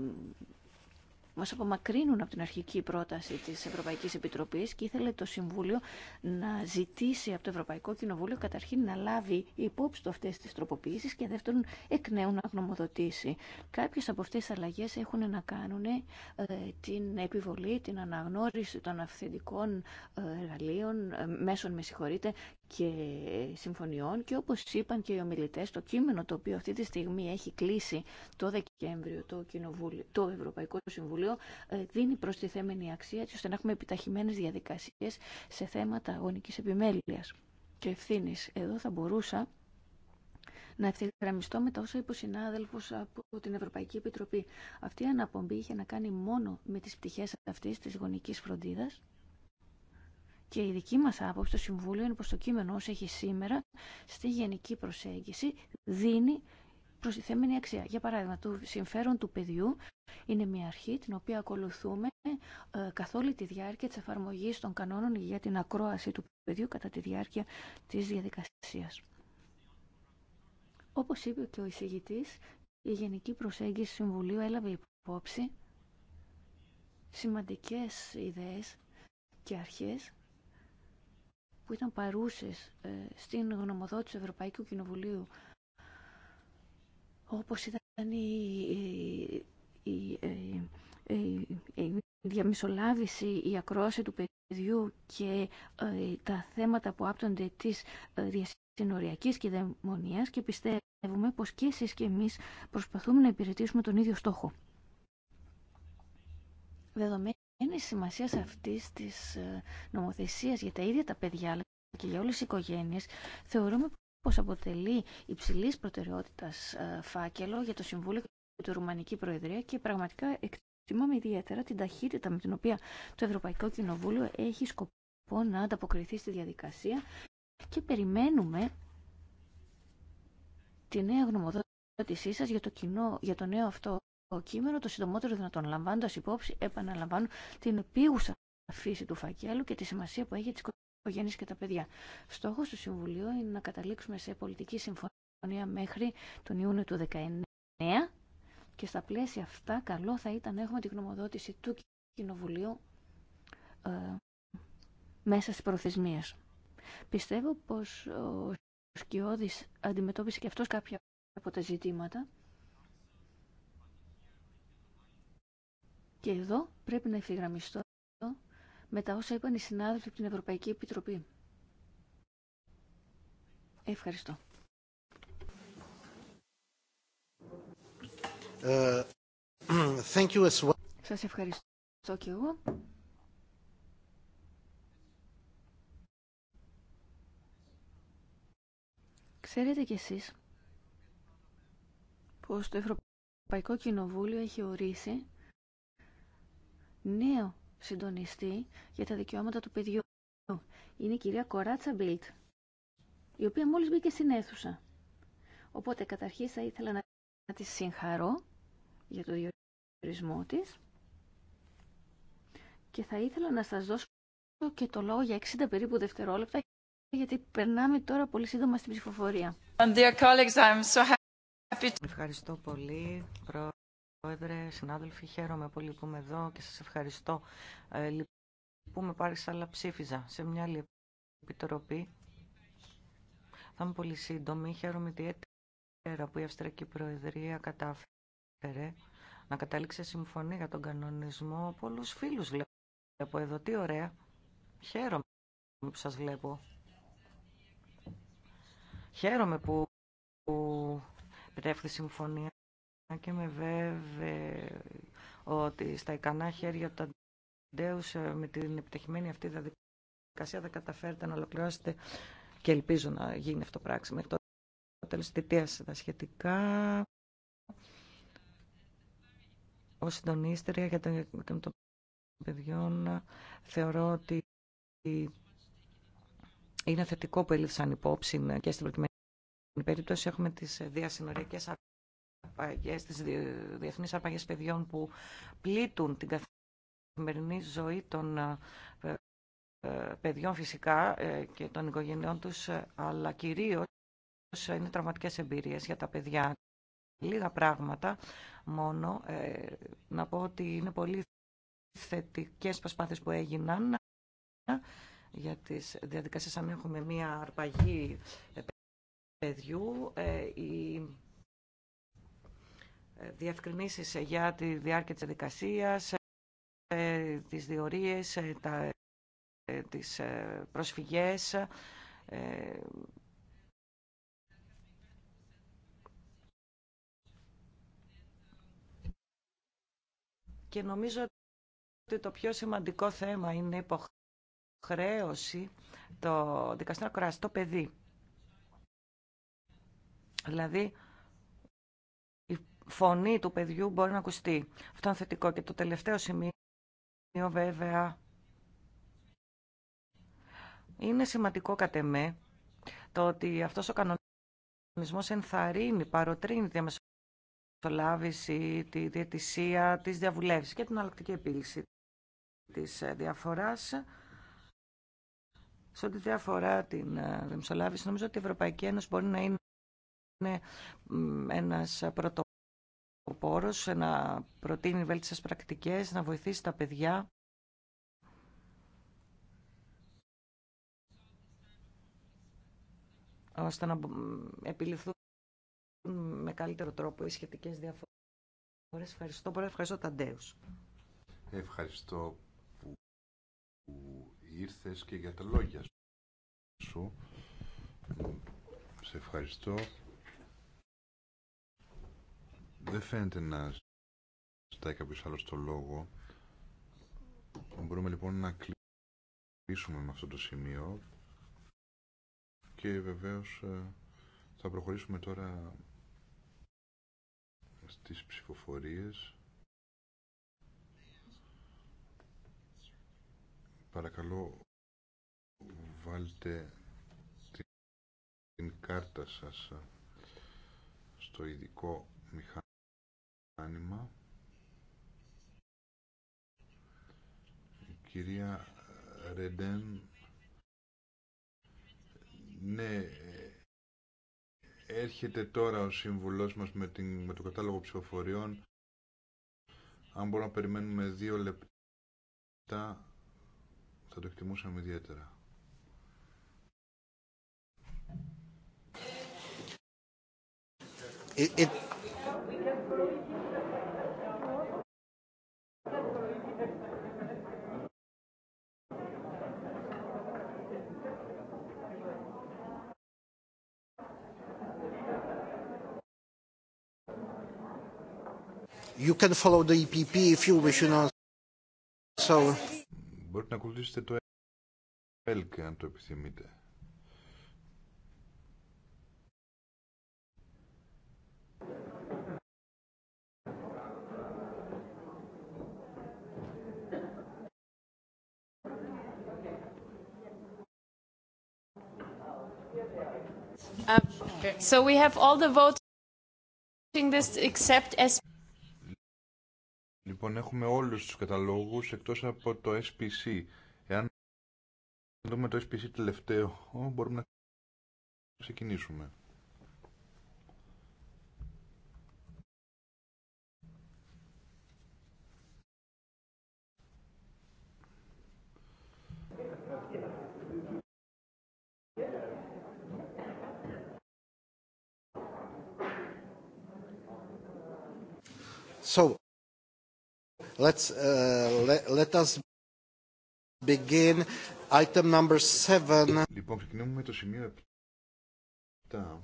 D: Μα απομακρύνουν από την αρχική πρόταση της Ευρωπαϊκής Επιτροπής και ήθελε το Συμβούλιο να ζητήσει από το Ευρωπαϊκό Κοινοβούλιο καταρχήν να λάβει υπόψη του αυτές τις τροποποιήσεις και δεύτερον εκ νέου να γνωμοδοτήσει. Κάποιε από αυτές τι αλλαγές έχουν να κάνουν ε, την επιβολή, την αναγνώριση των αυθεντικών ε, εργαλείων, ε, μέσων με συγχωρείτε, και συμφωνιών και όπως είπαν και οι ομιλητές το κείμενο το οποίο αυτή τη στιγμή έχει κλείσει το Δεκέμβριο το, Κοινοβούλιο, το Ευρωπαϊκό Συμβουλίο ε, δίνει προστιθέμενη αξία έτσι ώστε να έχουμε επιταχυμένες διαδικασίες σε θέματα αγωνικής επιμέλειας και ευθύνη. Εδώ θα μπορούσα να ευθυγραμμιστώ με τα όσα είπε ο συνάδελφο από την Ευρωπαϊκή Επιτροπή. Αυτή η αναπομπή είχε να κάνει μόνο με τι πτυχέ αυτή τη γονική φροντίδα και η δική μας άποψη στο Συμβούλιο είναι πως το κείμενο όσο έχει σήμερα στη γενική προσέγγιση δίνει προστιθέμενη αξία. Για παράδειγμα, το συμφέρον του παιδιού είναι μια αρχή την οποία ακολουθούμε ε, καθ' όλη τη διάρκεια της εφαρμογής των κανόνων για την ακρόαση του παιδιού κατά τη διάρκεια της διαδικασίας. Όπως είπε και ο εισηγητής, η γενική προσέγγιση Συμβουλίου έλαβε υπόψη σημαντικές ιδέες και αρχές που ήταν παρούσες ε, στην γνωμοδότηση του Ευρωπαϊκού Κοινοβουλίου όπως ήταν η, η, η, η ακρόαση του παιδιού και ε, τα θέματα που άπτονται της ε, διασυνοριακής και και πιστεύουμε πως και εσείς και εμείς προσπαθούμε να υπηρετήσουμε τον ίδιο στόχο. Δεδομένη σημασία αυτής της ε, νομοθεσίας για τα ίδια τα παιδιά αλλά και για όλες τις οικογένειες, θεωρούμε πως αποτελεί υψηλής προτεραιότητας ε, φάκελο για το Συμβούλιο και τη Ρουμανική Προεδρία και πραγματικά εκτιμάμε ιδιαίτερα την ταχύτητα με την οποία το Ευρωπαϊκό Κοινοβούλιο έχει σκοπό να ανταποκριθεί στη διαδικασία και περιμένουμε τη νέα γνωμοδότησή σας για το, κοινό, για το νέο αυτό κείμενο το συντομότερο δυνατόν, λαμβάνοντας υπόψη, επαναλαμβάνω, την επίγουσα φύση του φακέλου και τη σημασία που έχει για Στόχο και τα παιδιά. Στόχος του Συμβουλίου είναι να καταλήξουμε σε πολιτική συμφωνία μέχρι τον Ιούνιο του 2019 και στα πλαίσια αυτά καλό θα ήταν να έχουμε την γνωμοδότηση του Κοινοβουλίου ε, μέσα στι προθεσμίε. Πιστεύω πως ο Σκιώδης αντιμετώπισε και αυτό κάποια από τα ζητήματα και εδώ πρέπει να ευθυγραμμιστώ με τα όσα είπαν οι συνάδελφοι από την Ευρωπαϊκή Επιτροπή. Ευχαριστώ. Uh, thank you as well. Σας ευχαριστώ και εγώ. Ξέρετε κι εσείς πως το Ευρωπαϊκό Κοινοβούλιο έχει ορίσει νέο συντονιστή για τα δικαιώματα του παιδιού. Είναι η κυρία Κοράτσα Μπίλτ, η οποία μόλις μπήκε στην αίθουσα. Οπότε καταρχήν θα ήθελα να τη συγχαρώ για το διορισμό της και θα ήθελα να σας δώσω και το λόγο για 60 περίπου δευτερόλεπτα γιατί περνάμε τώρα πολύ σύντομα στην ψηφοφορία.
C: Ευχαριστώ πολύ, Πρόεδρε, συνάδελφοι, χαίρομαι πολύ που είμαι εδώ και σας ευχαριστώ. Ε, λυπούμε πάρει αλλά ψήφιζα σε μια άλλη επιτροπή. Θα είμαι πολύ σύντομη. Χαίρομαι ιδιαίτερα που η Αυστριακή Προεδρία κατάφερε να καταλήξει συμφωνία για τον κανονισμό. Πολλούς φίλους βλέπω εδώ. Τι ωραία. Χαίρομαι που σας βλέπω. Χαίρομαι που επιτεύχθη συμφωνία και με βέβαιο ότι στα ικανά χέρια του Αντέου ε, με την επιτυχημένη αυτή διαδικασία θα καταφέρετε να ολοκληρώσετε και ελπίζω να γίνει αυτό πράξη μέχρι το τέλος της τα σχετικά ως συντονίστρια για τον των παιδιών θεωρώ ότι είναι θετικό που έλειψαν υπόψη και στην προκειμένη περίπτωση έχουμε τις διασυνοριακές αρπαγές, τις διεθνείς αρπαγές παιδιών που πλήττουν την καθημερινή ζωή των ε, ε, παιδιών φυσικά ε, και των οικογενειών τους, αλλά κυρίως είναι τραυματικές εμπειρίες για τα παιδιά. Λίγα πράγματα μόνο. Να πω ότι είναι πολύ θετικές προσπάθειες που έγιναν για τις διαδικασίες αν έχουμε μία αρπαγή παιδιού διευκρινήσεις για τη διάρκεια της δικασίας, ε, τις διορίες, ε, τα, ε, τις προσφυγές. Και νομίζω ότι το πιο σημαντικό θέμα είναι η υποχρέωση το δικαστήριο να το παιδί. Δηλαδή, φωνή του παιδιού μπορεί να ακουστεί. Αυτό είναι θετικό. Και το τελευταίο σημείο βέβαια είναι σημαντικό κατ' εμέ το ότι αυτός ο κανονισμός ενθαρρύνει, παροτρύνει τη διαμεσολάβηση, τη διαιτησία, τις διαβουλεύσεις και την αλλακτική επίλυση της διαφοράς. Σε ό,τι διαφορά την ε, διαμεσολάβηση νομίζω ότι η Ευρωπαϊκή Ένωση μπορεί να είναι ένας ο πόρος να προτείνει βέλτιστες πρακτικές, να βοηθήσει τα παιδιά. ώστε να επιληφθούν με καλύτερο τρόπο οι σχετικές διαφορές. Ευχαριστώ πολύ, ευχαριστώ Ταντέους.
B: Ευχαριστώ που ήρθες και για τα λόγια σου. Σε ευχαριστώ δεν φαίνεται να ζητάει κάποιος άλλος το λόγο. Μπορούμε λοιπόν να κλείσουμε με αυτό το σημείο και βεβαίως ε, θα προχωρήσουμε τώρα στις ψηφοφορίες. Παρακαλώ βάλτε την κάρτα σας στο ειδικό μηχάνημα. Η Κυρία Ρεντέν, ναι, ε, έρχεται τώρα ο σύμβουλός μας με, την, με το κατάλογο ψηφοφοριών. Αν μπορούμε να περιμένουμε δύο λεπτά, θα το εκτιμούσαμε ιδιαίτερα.
A: Ε, ε, You can follow the EPP if you wish, you know. So...
B: Μπορείτε να ακολουθήσετε το ΕΛΚ αν το επιθυμείτε.
D: So we have all the voting this except
B: Λοιπόν, έχουμε όλους τους καταλόγους εκτός από το SPC. Εάν δούμε το SPC τελευταίο, μπορούμε να ξεκινήσουμε. So Let's uh, let us begin item number seven. Λοιπόν, ξεκινούμε με το σημείο 7.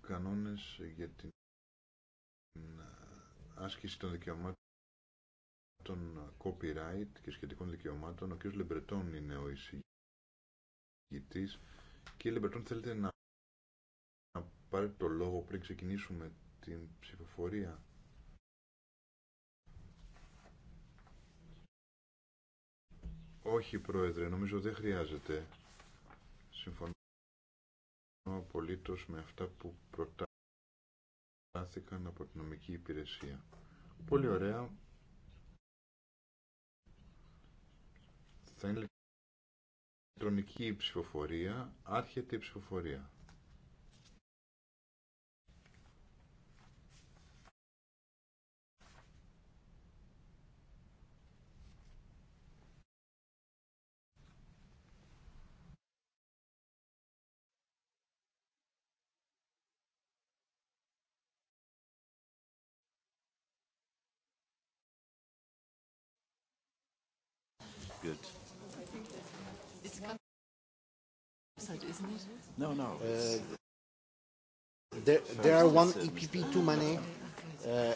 B: Κανόνες για την ε, άσκηση των δικαιωμάτων copyright και σχετικών δικαιωμάτων. Ο κ. Λεμπρετών είναι ο εισηγητής. κ. Λεμπρετών, θέλετε να πάρετε το λόγο πριν ξεκινήσουμε την ψηφοφορία. Όχι, Πρόεδρε, νομίζω δεν χρειάζεται. Συμφωνώ απολύτως με αυτά που προτάθηκαν από την νομική υπηρεσία. Πολύ ωραία. Θα είναι ηλεκτρονική ψηφοφορία. Άρχεται η ψηφοφορία.
A: No, no. There, there are one EPP too many. Uh,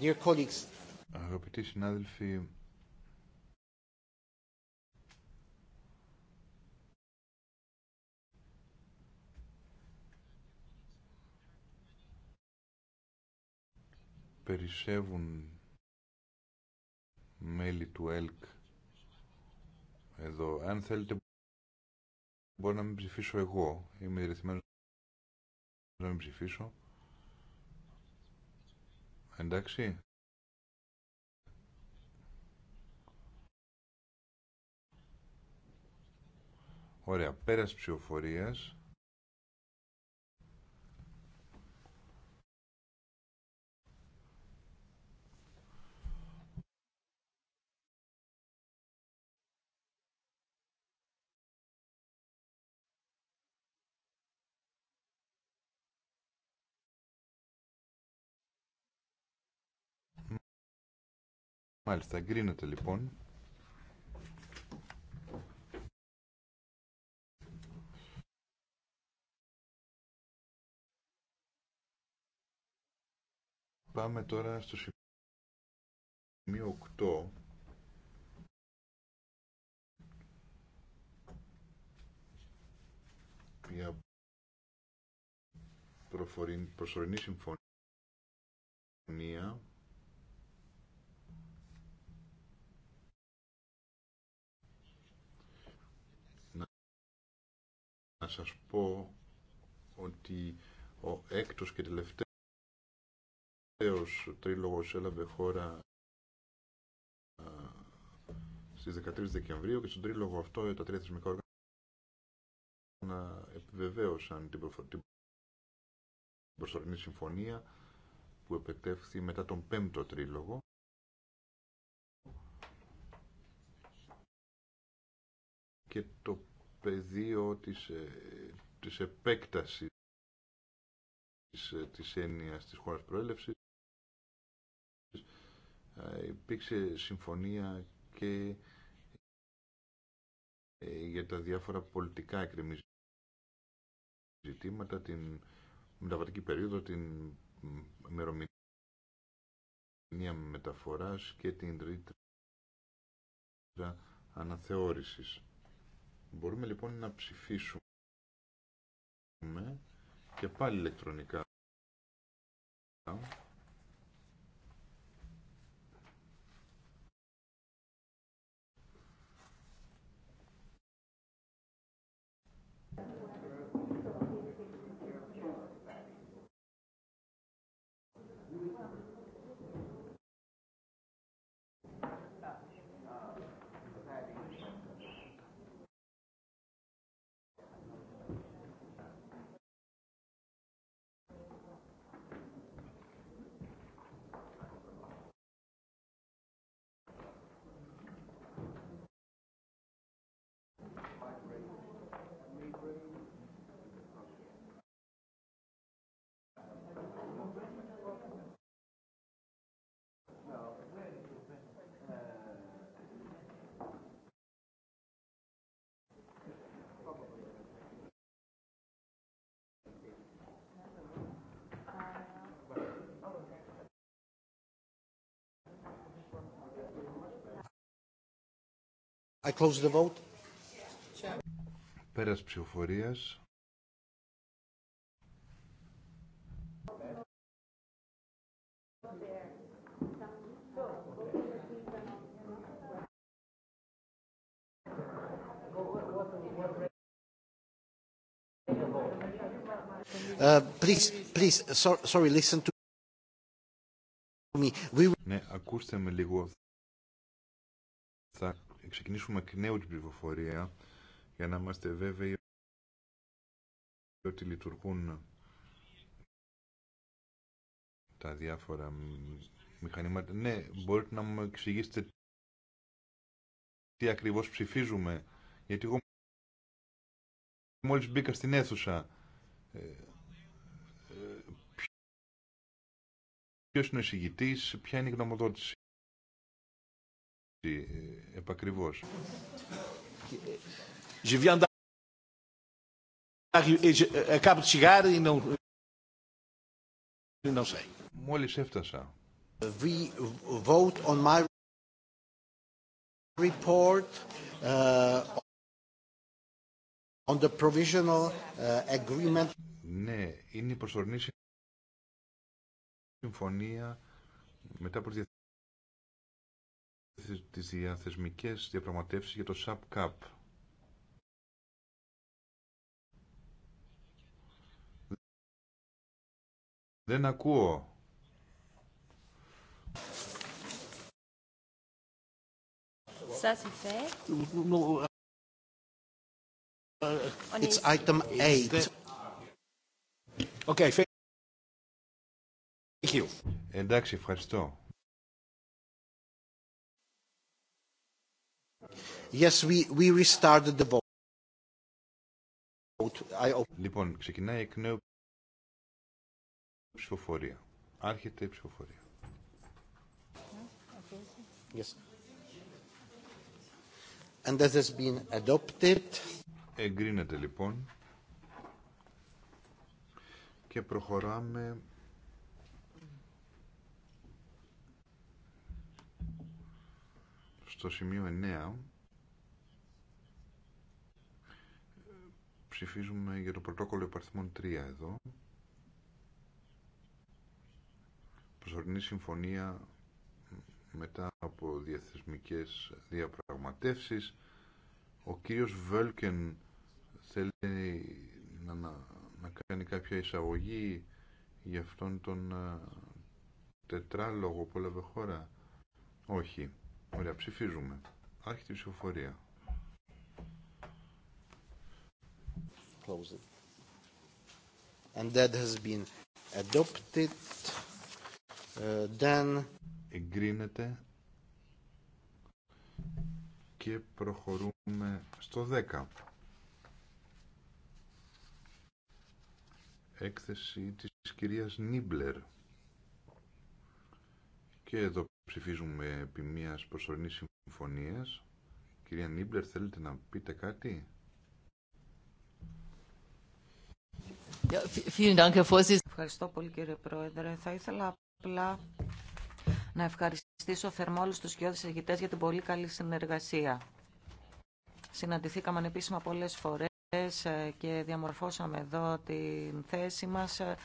A: Dear colleagues.
B: Αγαπητοί συνάδελφοι, περισσεύουν μέλη του ΕΛΚ εδώ. Αν θέλετε μπορώ να μην ψηφίσω εγώ. Είμαι ρυθμένο να μην ψηφίσω. Εντάξει. Ωραία, πέρας ψηφοφορίας Μάλιστα, εγκρίνεται λοιπόν. Πάμε τώρα στο σημείο 8. Μια προφορή, προσωρινή συμφωνία να σας πω ότι ο έκτος και τελευταίος τρίλογος έλαβε χώρα στις 13 Δεκεμβρίου και στον τρίλογο αυτό τα τρία θεσμικά όργανα επιβεβαίωσαν την προσωρινή συμφωνία που επετεύχθη μετά τον πέμπτο τρίλογο και το πεδίο της, ε, της επέκτασης της, ε, της έννοιας της χώρας προέλευσης. Ε, υπήρξε συμφωνία και για τα διάφορα πολιτικά εκκρεμή ζητήματα, την μεταβατική περίοδο, την ημερομηνία μεταφοράς και την τρίτη αναθεώρησης. Μπορούμε λοιπόν να ψηφίσουμε και πάλι ηλεκτρονικά. I close the vote. Πέρας ψηφοφορίας. Uh, please, please, so, sorry, listen to me. We... Ναι, ακούστε με λίγο. Θα ξεκινήσουμε εκ νέου την πληροφορία για να είμαστε βέβαιοι ότι λειτουργούν τα διάφορα μηχανήματα. Ναι, μπορείτε να μου εξηγήσετε τι ακριβώς ψηφίζουμε, γιατί εγώ μόλις μπήκα στην αίθουσα. Ε, ε, ποιος είναι ο εισηγητής, ποια είναι η γνωμοδότηση. Ε, επακριβώς. Euh, Μόλις έφτασα. Ναι, είναι η προσωρινή συμφωνία μετά από τις διαθεσμικές διαπραγματεύσεις για το ΣΑΠΚΑΠ. Δεν ακούω.
A: Σας It's item 8. Okay, thank
B: you. Εντάξει, ευχαριστώ. Yes, we, we restarted the vote. Λοιπόν, ξεκινάει εκ νέου ψηφοφορία. Άρχεται η ψηφοφορία. Yes. And that has been adopted. Εγκρίνεται λοιπόν και προχωράμε στο σημείο 9 ψηφίζουμε για το πρωτόκολλο υπαριθμών 3 εδώ προσωρινή συμφωνία μετά από διαθεσμικές διαπραγματεύσεις ο κύριος Βέλκεν θέλει να, να, κάνει κάποια εισαγωγή για αυτόν τον ε, τετράλογο που έλαβε χώρα. Όχι. Ωραία, ψηφίζουμε. Άρχεται η ψηφοφορία. Close it. And that has been adopted. Uh, then... Εγκρίνεται και προχωρούμε στο 10. Έκθεση της κυρίας Νίμπλερ. Και εδώ ψηφίζουμε επί μιας προσωρινής συμφωνίας. Κυρία Νίμπλερ, θέλετε να πείτε κάτι?
C: Ευχαριστώ πολύ κύριε Πρόεδρε. Θα ήθελα απλά να ευχαριστήσω θερμό όλους τους κοιόδες για την πολύ καλή συνεργασία. Συναντηθήκαμε ανεπίσημα πολλές φορές ε, και διαμορφώσαμε εδώ την θέση μας. Ε,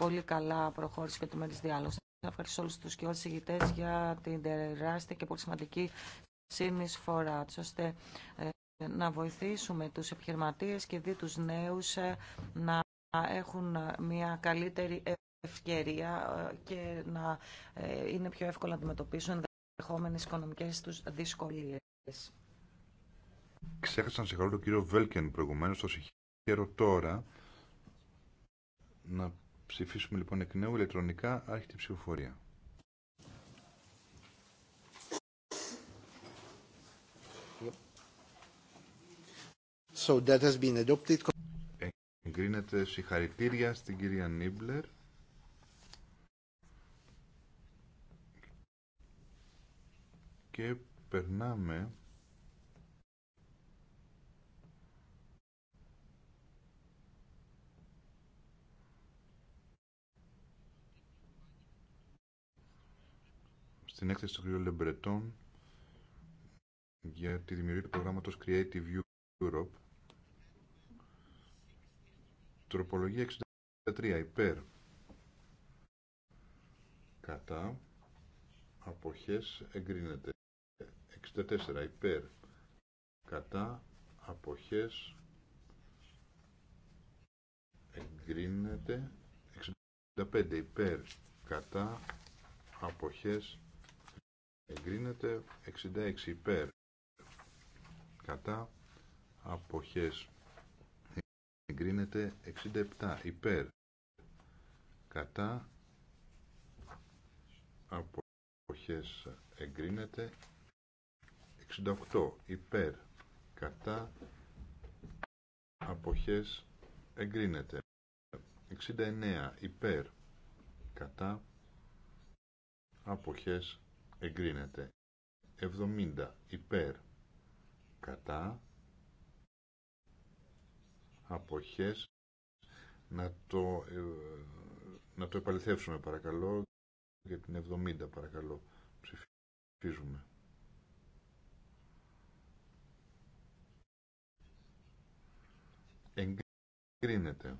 C: πολύ καλά προχώρησε και το μέρος διάλογος ευχαριστώ όλους τους και ηγητές για την τεράστια και πολύ σημαντική συνεισφορά ώστε ε, να βοηθήσουμε τους επιχειρηματίες και δι' τους νέους ε, να έχουν ε, μια καλύτερη ευκαιρία και να είναι πιο εύκολο να αντιμετωπίσουν ενδεχόμενες οικονομικές τους δυσκολίες.
B: Ξέχασα να συγχαρώ τον κύριο Βέλκεν προηγουμένως, το συγχαίρω τώρα να ψηφίσουμε λοιπόν εκ νέου ηλεκτρονικά άρχιτη ψηφοφορία. So that has Εγκρίνεται συγχαρητήρια στην κυρία Νίμπλερ. Και περνάμε στην έκθεση του κ. Λεμπρετών για τη δημιουργία του προγράμματος Creative Europe. Τροπολογία 63 υπέρ κατά αποχές εγκρίνεται 64 υπέρ κατά αποχές εγκρίνεται 65 υπέρ κατά αποχές εγκρίνεται 66 υπέρ κατά αποχές εγκρίνεται 67 υπέρ κατά αποχές εγκρίνεται 68 υπέρ κατά αποχές εγκρίνεται 69 υπέρ κατά αποχές εγκρίνεται 70 υπέρ κατά αποχές να το, ε, να το επαληθεύσουμε παρακαλώ για την 70 παρακαλώ ψηφίζουμε εγκρίνεται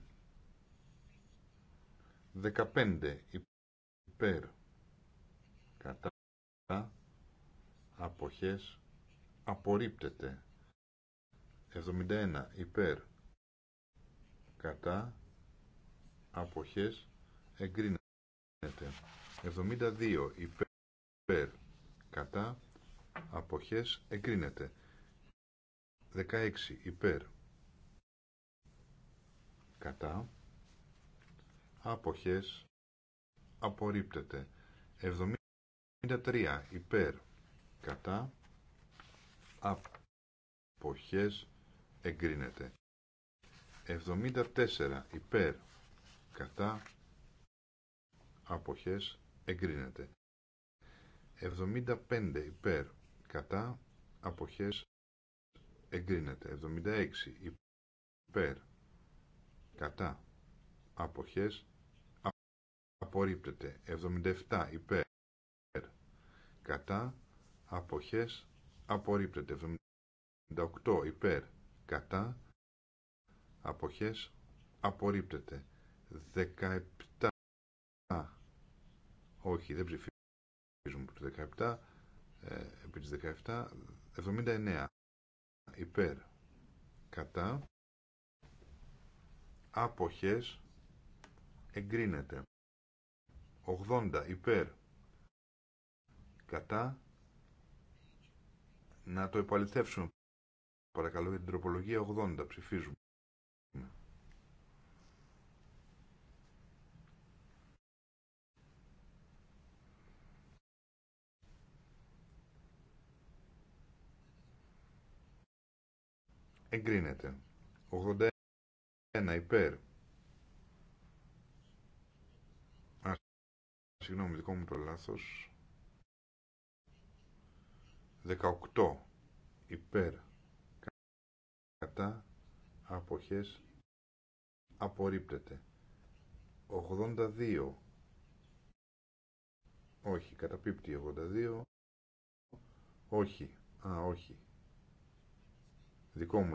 B: 15 υπέρ κατά μετά αποχές απορρίπτεται. 71 υπέρ. Κατά αποχές εγκρίνεται. 72 υπέρ. υπέρ. Κατά αποχές εγκρίνεται. 16 υπέρ. Κατά αποχές απορρίπτεται. 53 υπέρ κατά αποχές εγκρίνεται 74 υπέρ κατά αποχές εγκρίνεται 75 υπέρ κατά αποχές εγκρίνεται 76 υπέρ κατά αποχές απορρίπτεται 77 υπέρ κατά αποχές απορρίπτεται 78 υπέρ κατά αποχές απορρίπτεται 17 όχι δεν ψηφίζουμε το 17 ε, επί της 17 79 υπέρ κατά αποχές εγκρίνεται 80 υπέρ κατά να το επαληθεύσουμε παρακαλώ για την τροπολογία 80 ψηφίζουμε εγκρίνεται 81 υπέρ συγγνώμη δικό μου το λάθος 18 υπέρ κατά αποχές απορρίπτεται 82 όχι καταπίπτει 82 όχι α όχι δικό μου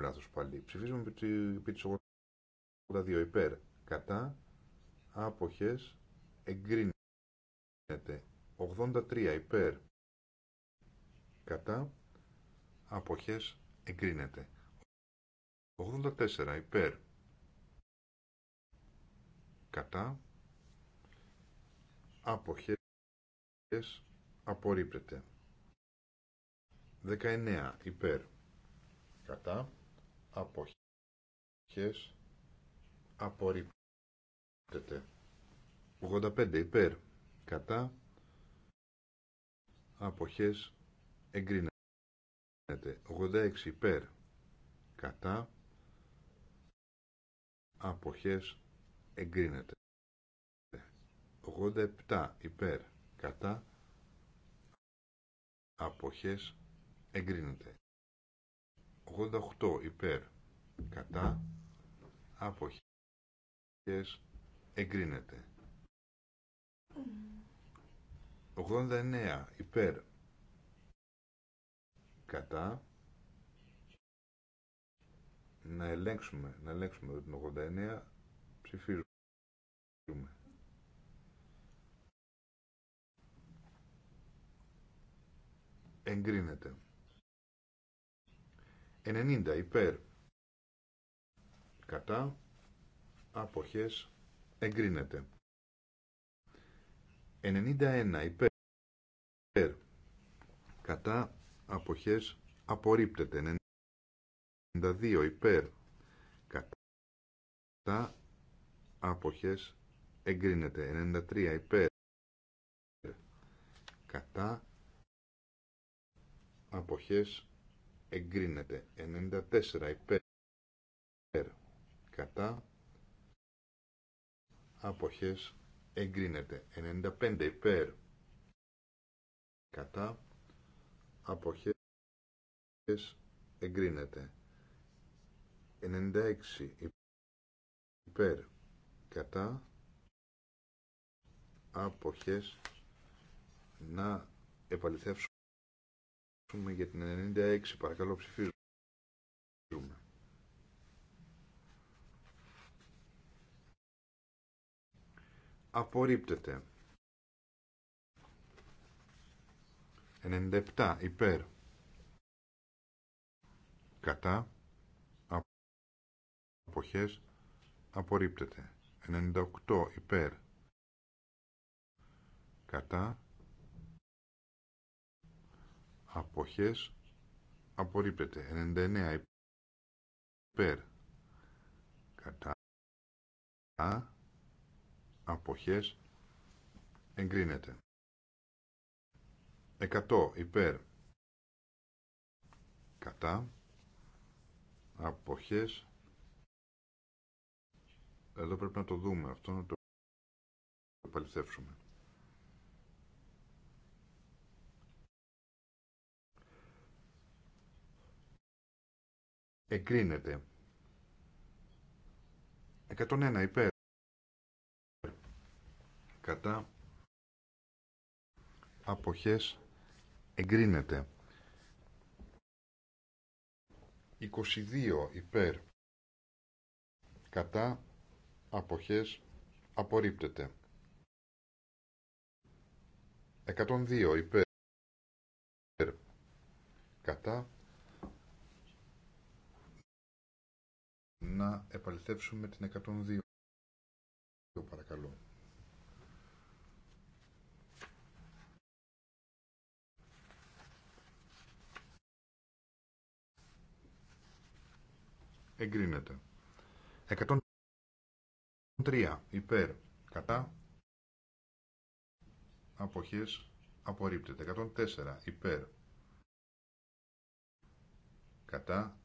B: λάθος πάλι ψηφίζουμε επί της 82 υπέρ κατά αποχές εγκρίνεται 83 υπέρ κατά αποχές εγκρίνεται 84 υπέρ κατά αποχές απορρίπτεται 19 υπέρ κατά αποχές απορρίπτεται 85 υπέρ κατά αποχές εγκρίνεται 86 υπέρ κατά αποχές εγκρίνεται 87 υπέρ κατά αποχές εγκρίνεται 88 υπέρ κατά αποχές εγκρίνεται 89 υπέρ κατά. Να ελέγξουμε, να ελέγξουμε την 89, ψηφίζουμε. Εγκρίνεται. 90 υπέρ κατά αποχές εγκρίνεται. 91 υπέρ κατά αποχές απορρίπτεται 92 υπέρ κατά αποχές εγκρίνεται 93 υπέρ κατά αποχές εγκρίνεται 94 υπέρ κατά αποχές εγκρίνεται 95 υπέρ κατά αποχές εγκρίνεται 96 υπέρ κατά αποχές να επαληθεύσουμε για την 96 παρακαλώ ψηφίζουμε απορρίπτεται 97 υπέρ κατά αποχές απορρίπτεται 98 υπέρ κατά αποχές απορρίπτεται 99 υπέρ κατά αποχές εγκρίνεται εκατό υπέρ κατά αποχές εδώ πρέπει να το δούμε αυτό να το παληθεύσουμε εκρίνεται 101 υπέρ κατά αποχές εγκρίνεται. 22 υπέρ κατά αποχές απορρίπτεται. 102 υπέρ κατά να επαληθεύσουμε την 102. εγκρίνεται. 103 υπέρ κατά αποχές απορρίπτεται. 104 υπέρ κατά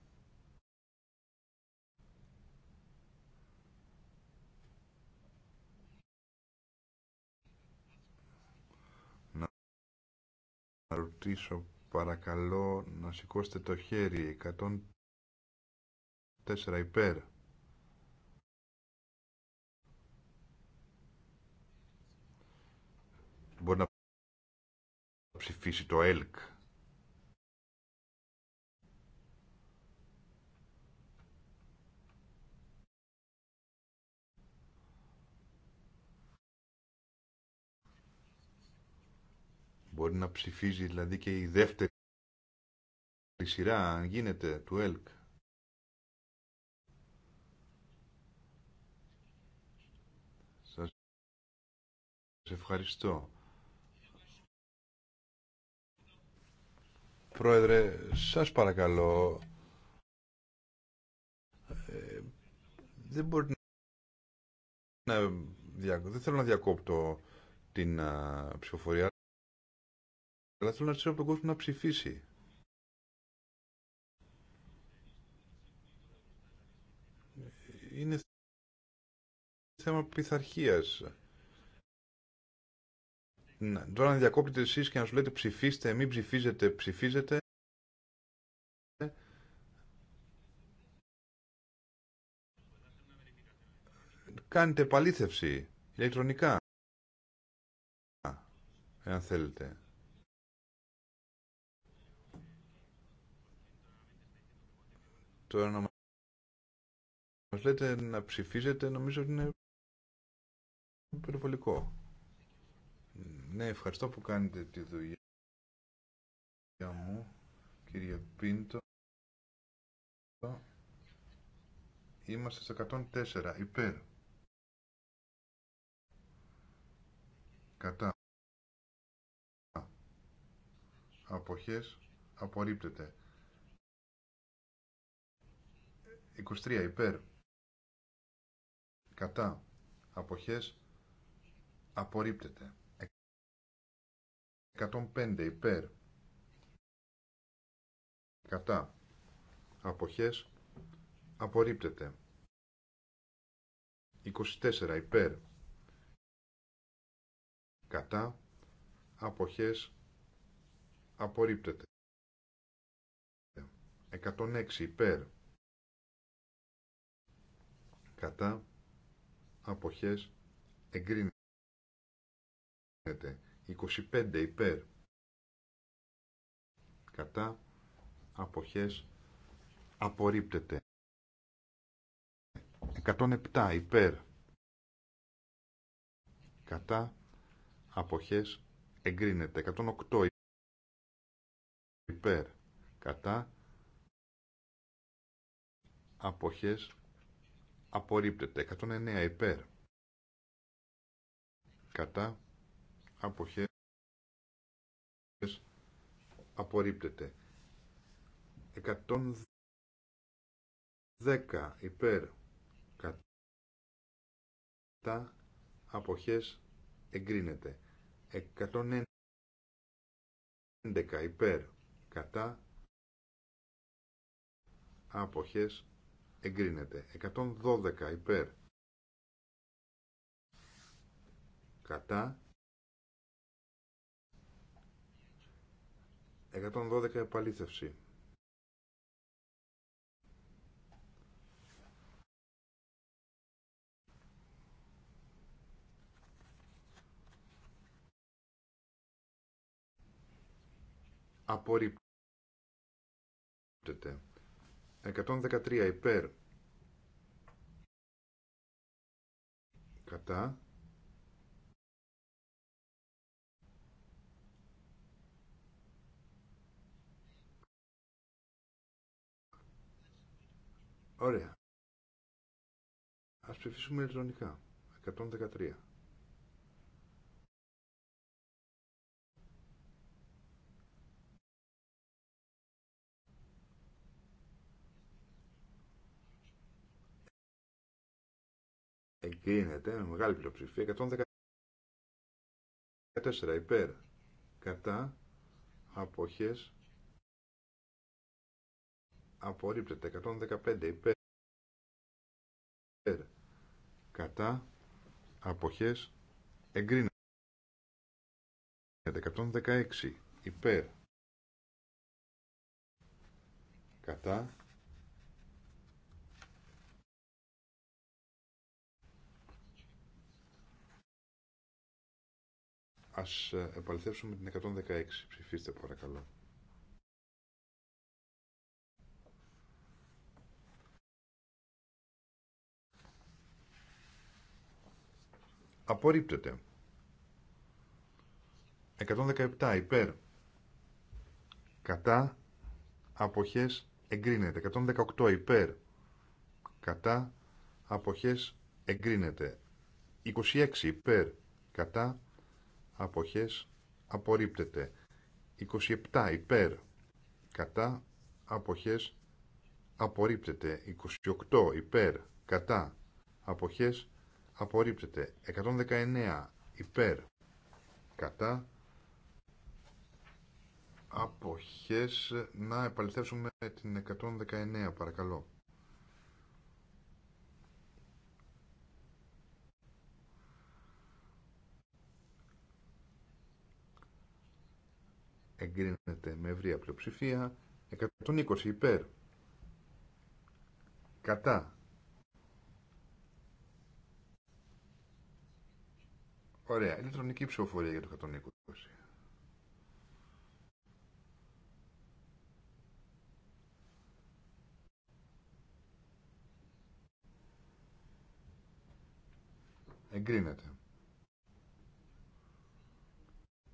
B: να ρωτήσω παρακαλώ να σηκώσετε το χέρι 4 υπέρ. Μπορεί να ψηφίσει το ΕΛΚ. Μπορεί να ψηφίζει δηλαδή και η δεύτερη σειρά, αν γίνεται, του ΕΛΚ. ευχαριστώ. Πρόεδρε, σας παρακαλώ, ε, δεν μπορεί να... θέλω να διακόπτω την α, ψηφοφορία, αλλά θέλω να ξέρω από τον κόσμο να ψηφίσει. Είναι θέμα πειθαρχίας. Ναι, τώρα να διακόπτετε εσεί και να σου λέτε ψηφίστε, μην ψηφίζετε, ψηφίζετε. Κάνετε επαλήθευση ηλεκτρονικά, εάν θέλετε. Τώρα να μας λέτε να ψηφίζετε νομίζω ότι είναι περιβολικό. Ναι, ευχαριστώ που κάνετε τη δουλειά μου, κύριε Πίντο. Είμαστε σε 104, υπέρ. Κατά. Αποχές, απορρίπτεται. 23, υπέρ. Κατά. Αποχές, απορρίπτεται. 105 υπέρ κατά αποχές απορρίπτεται 24 υπέρ κατά αποχές απορρίπτεται 106 υπέρ κατά αποχές εγκρίνεται 25 υπέρ κατά αποχές απορρίπτεται 107 υπέρ κατά αποχές εγκρίνεται 108 υπέρ κατά αποχές απορρίπτεται 109 υπέρ κατά αποχές απορρίπτεται 110 υπέρ κατά αποχές εγκρίνεται 111 υπέρ κατά αποχές εγκρίνεται 112 υπέρ κατά 112 επαλήθευση. Απορρίπτεται. 113 υπέρ. Κατά. Ωραία. Ας ψηφίσουμε ηλεκτρονικά. 113. Εγκρίνεται με μεγάλη πλειοψηφία. 114 υπέρ. Κατά αποχές απορρίπτεται 115 υπέρ κατά αποχές εγκρίνεται 116 υπέρ κατά Ας ε, επαληθεύσουμε την 116. Ψηφίστε παρακαλώ. Απορρίπτεται. 117 υπέρ. Κατά αποχές εγκρίνεται. 118 υπέρ. Κατά αποχές εγκρίνεται. 26 υπέρ. Κατά αποχές απορρίπτεται. 27 υπέρ. Κατά αποχές απορρίπτεται. 28 υπέρ. Κατά αποχές απορρίπτεται 119 υπέρ κατά αποχές να επαληθεύσουμε την 119 παρακαλώ εγκρίνεται με ευρία πλειοψηφία 120 υπέρ κατά Ωραία. Ηλεκτρονική ψηφοφορία για το 120. Εγκρίνεται.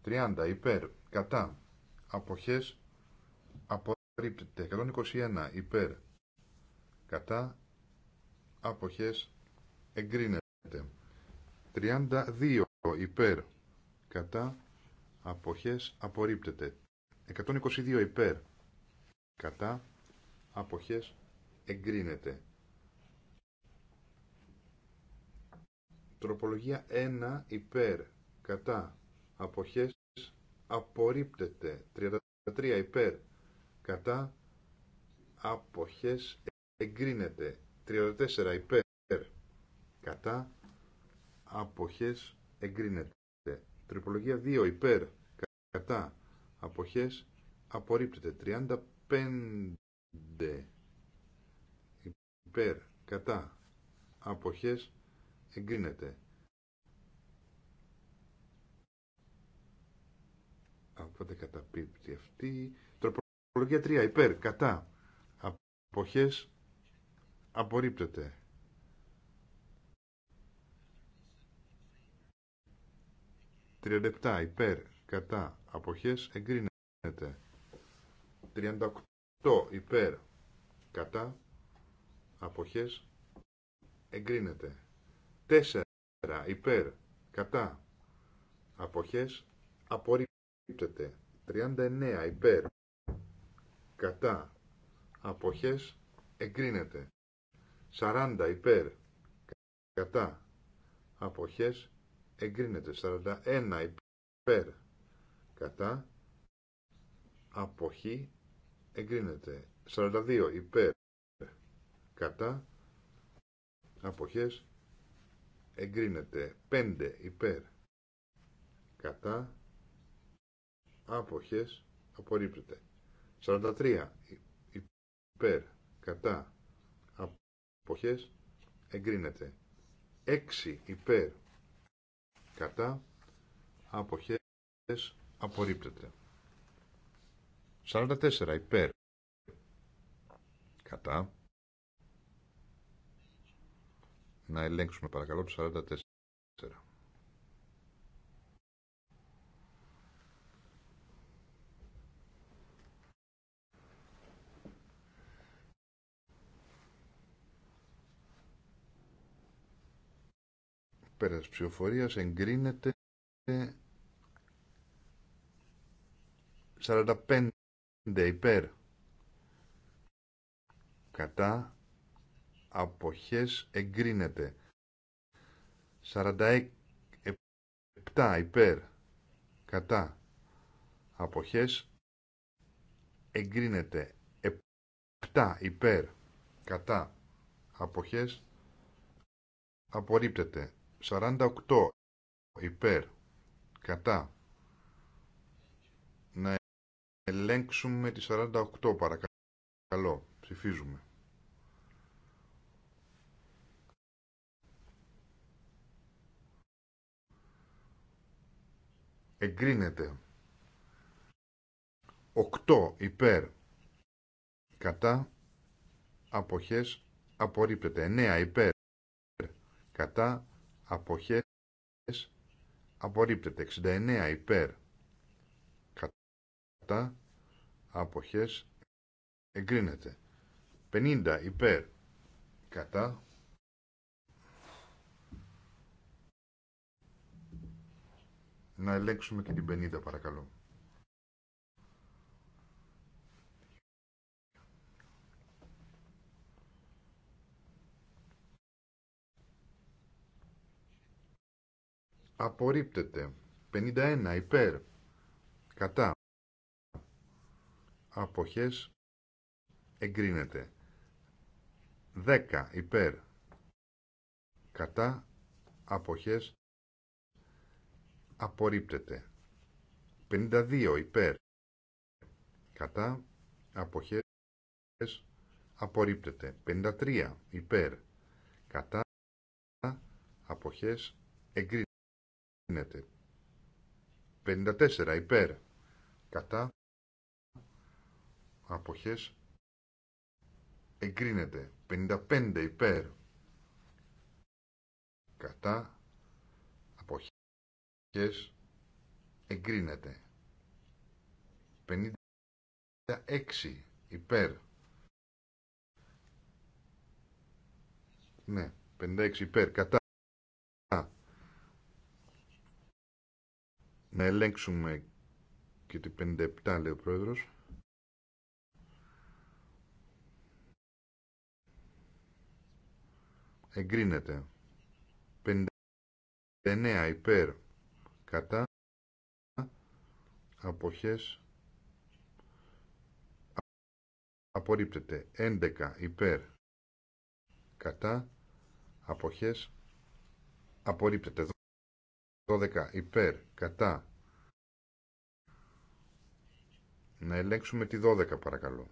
B: 30 υπέρ κατά αποχές απορρίπτεται. 121 υπέρ κατά αποχές εγκρίνεται. 32 υπέρ κατά αποχές απορρίπτεται 122 υπέρ κατά αποχές εγκρίνεται τροπολογία 1 υπέρ κατά αποχές απορρίπτεται 33 υπέρ κατά αποχές εγκρίνεται 34 υπέρ κατά αποχές εγκρίνεται. Τροπολογία 2 υπέρ κατά αποχές απορρίπτεται. 35 υπέρ κατά αποχές εγκρίνεται. Οπότε καταπίπτει αυτή. Τροπολογία 3 υπέρ κατά αποχές απορρίπτεται. 37 υπέρ κατά αποχές εγκρίνεται 38 υπέρ κατά αποχές εγκρίνεται 4 υπέρ κατά αποχές απορρίπτεται 39 υπέρ κατά αποχές εγκρίνεται 40 υπέρ κατά αποχές εγκρίνεται 41 υπέρ κατά αποχή εγκρίνεται 42 υπέρ κατά αποχές εγκρίνεται 5 υπέρ κατά άποχες απορρίπτεται 43 υπέρ κατά αποχές εγκρίνεται 6 υπέρ κατά αποχές απορρίπτεται 44 υπέρ κατά να ελέγξουμε παρακαλώ το 44 πέρα ψηφοφορίας εγκρίνεται 45 υπέρ κατά αποχές εγκρίνεται 47 υπέρ κατά αποχές εγκρίνεται 7 υπέρ κατά αποχές απορρίπτεται 48 υπέρ κατά να ελέγξουμε τη 48 παρακαλώ ψηφίζουμε εγκρίνεται 8 υπέρ κατά αποχές απορρίπτεται 9 υπέρ κατά αποχές απορρίπτεται 69 υπέρ κατά αποχές εγκρίνεται 50 υπέρ κατά να ελέγξουμε και την 50 παρακαλώ απορρίπτεται 51 υπέρ κατά αποχές εγκρίνεται 10 υπέρ κατά αποχές απορρίπτεται 52 υπέρ κατά αποχές απορρίπτεται 53 υπέρ κατά αποχές εγκρίνεται 54 υπέρ κατά αποχές εγκρίνεται. 55 υπέρ κατά αποχές εγκρίνεται. 56 υπέρ ναι, 56 υπέρ κατά Να ελέγξουμε και την 57 λέει ο πρόεδρος. Εγκρίνεται. 59 υπέρ κατά αποχές απορρίπτεται 11 υπέρ κατά αποχές απορρίπτεται 12 υπέρ Κατά. Να ελέγξουμε τη 12 παρακαλώ.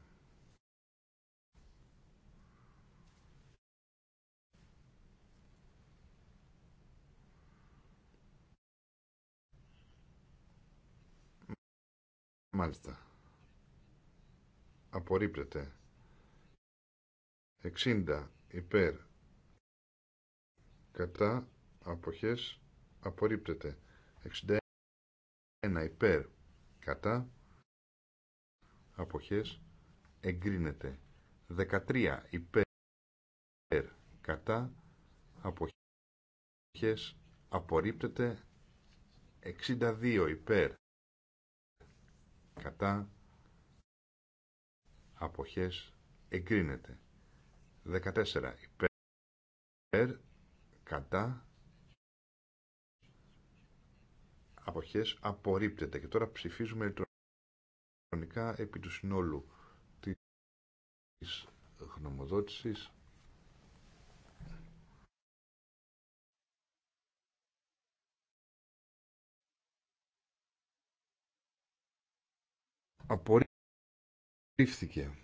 B: Μάλιστα. Απορρίπτεται. 60 υπέρ. Κατά αποχές απορρίπτεται. 61 ένα υπέρ κατά αποχές εγκρίνεται 13 υπέρ κατά αποχές απορρίπτεται 62 υπέρ κατά αποχές εγκρίνεται 14 υπέρ κατά αποχές απορρίπτεται. Και τώρα ψηφίζουμε ηλεκτρονικά επί του συνόλου της γνωμοδότησης. Απορρίφθηκε.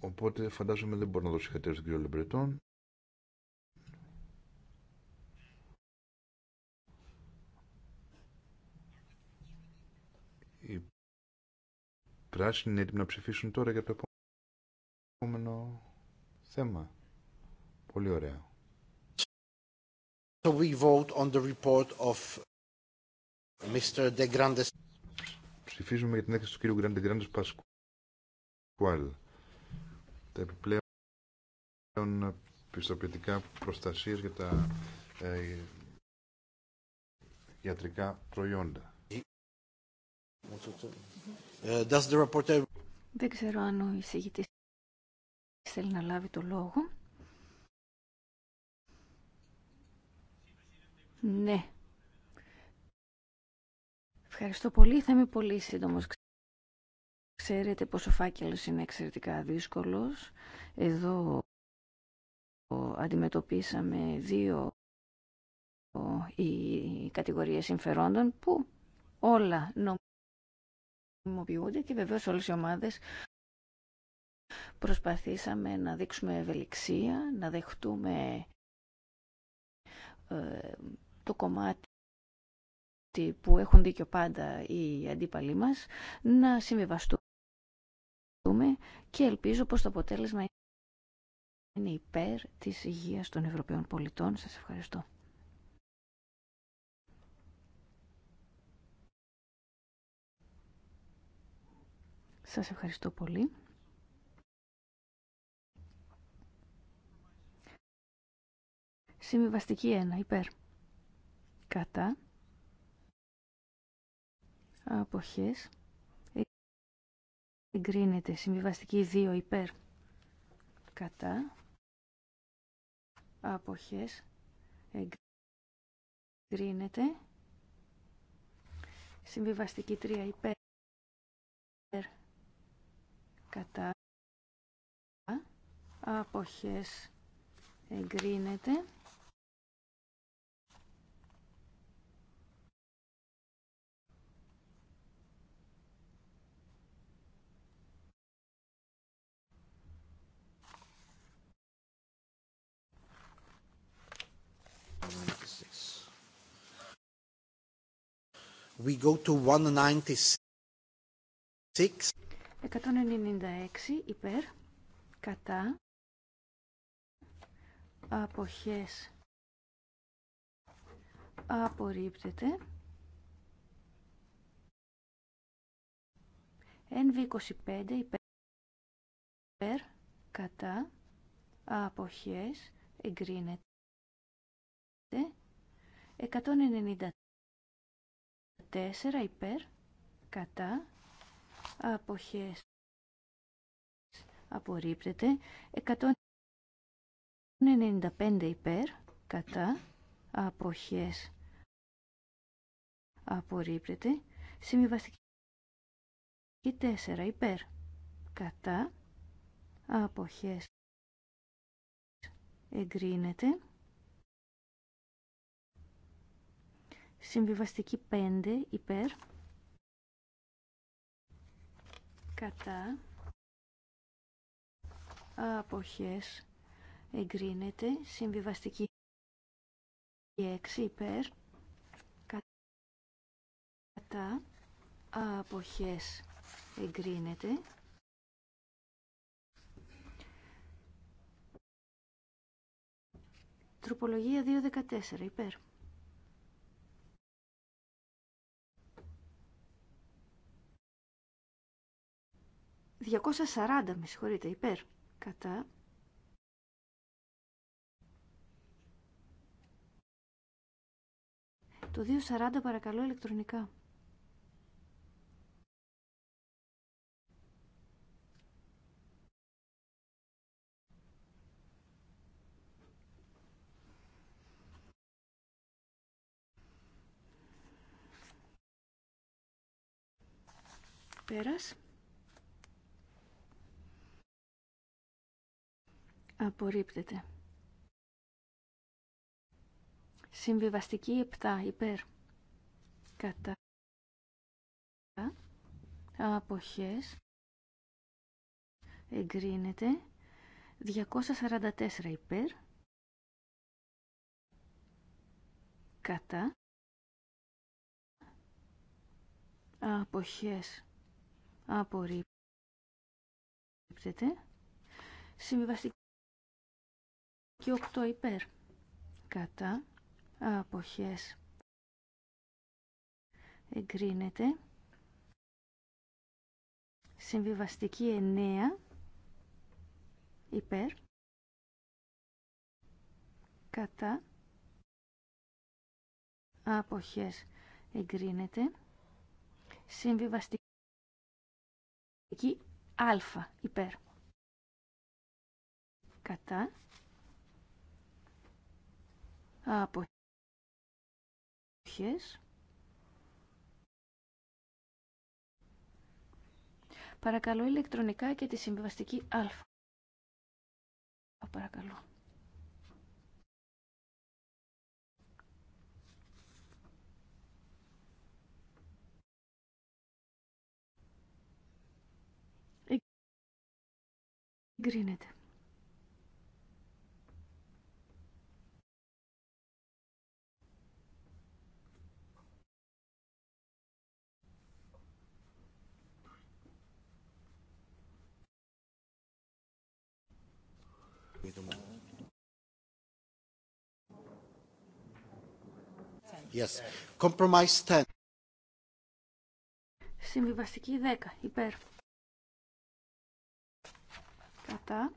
B: Οπότε φαντάζομαι δεν μπορώ να δώσω χατέρα στον κύριο Λεμπρετών. πράσινοι είναι έτοιμοι να ψηφίσουν τώρα για το επόμενο θέμα. Πολύ ωραία. So we vote on the report of Mr. De Grandes. Ψηφίζουμε για την έκθεση του κύριου De Grandes Pascual. Τα επιπλέον πιστοποιητικά προστασία για τα ε, ιατρικά προϊόντα. Ε,
D: Δεν ξέρω αν ο εισηγητής θέλει να λάβει το λόγο. Ναι. Ευχαριστώ πολύ. Θα είμαι πολύ σύντομος. Ξέρετε πως ο φάκελος είναι εξαιρετικά δύσκολος. Εδώ αντιμετωπίσαμε δύο ε, οι κατηγορίες συμφερόντων που όλα χρησιμοποιούνται και βεβαίως όλες οι ομάδες προσπαθήσαμε να δείξουμε ευελιξία, να δεχτούμε ε, το κομμάτι που έχουν δίκιο πάντα οι αντίπαλοι μας, να συμβιβαστούμε και ελπίζω πως το αποτέλεσμα είναι υπέρ της υγείας των Ευρωπαίων πολιτών. Σας ευχαριστώ.
A: Σας ευχαριστώ πολύ.
D: Συμβιβαστική 1 ε, υπέρ. Κατά. Αποχές. Εγκρίνεται. Συμβιβαστική 2 υπέρ. Κατά. Αποχές. Εγκρίνεται. Συμβιβαστική 3 υπέρ κατά αποχές εγκρίνεται
A: We go to 196.
D: 196 υπέρ, κατά, αποχές, απορρίπτεται. NV25 υπέρ, κατά, αποχές, εγκρίνεται. 194 υπέρ, κατά, αποχές απορρίπτεται 195 υπέρ κατά αποχές απορρίπτεται συμβιβαστική 4 υπέρ κατά αποχές εγκρίνεται συμβιβαστική 5 υπέρ κατά αποχές εγκρίνεται συμβιβαστική 6 υπέρ κατά αποχές εγκρίνεται τροπολογία 2.14 υπέρ 240, με συγχωρείτε, υπέρ. Κατά. Το 240 παρακαλώ ηλεκτρονικά. Πέρας. Απορρίπτεται. Συμβιβαστική 7 υπέρ. Κατά. Αποχές. Εγκρίνεται. 244 υπέρ. Κατά. Αποχές. Απορρίπτεται. Συμβιβαστική και οκτώ υπέρ. Κατά αποχές εγκρίνεται. Συμβιβαστική εννέα υπέρ. Κατά αποχές εγκρίνεται. Συμβιβαστική α υπέρ. Κατά αποχές. Παρακαλώ ηλεκτρονικά και τη συμβιβαστική α.
A: Παρακαλώ. Εγκρίνεται. Yes. Compromise 10.
D: Συμβιβαστική 10. Υπέρ.
A: Κατά.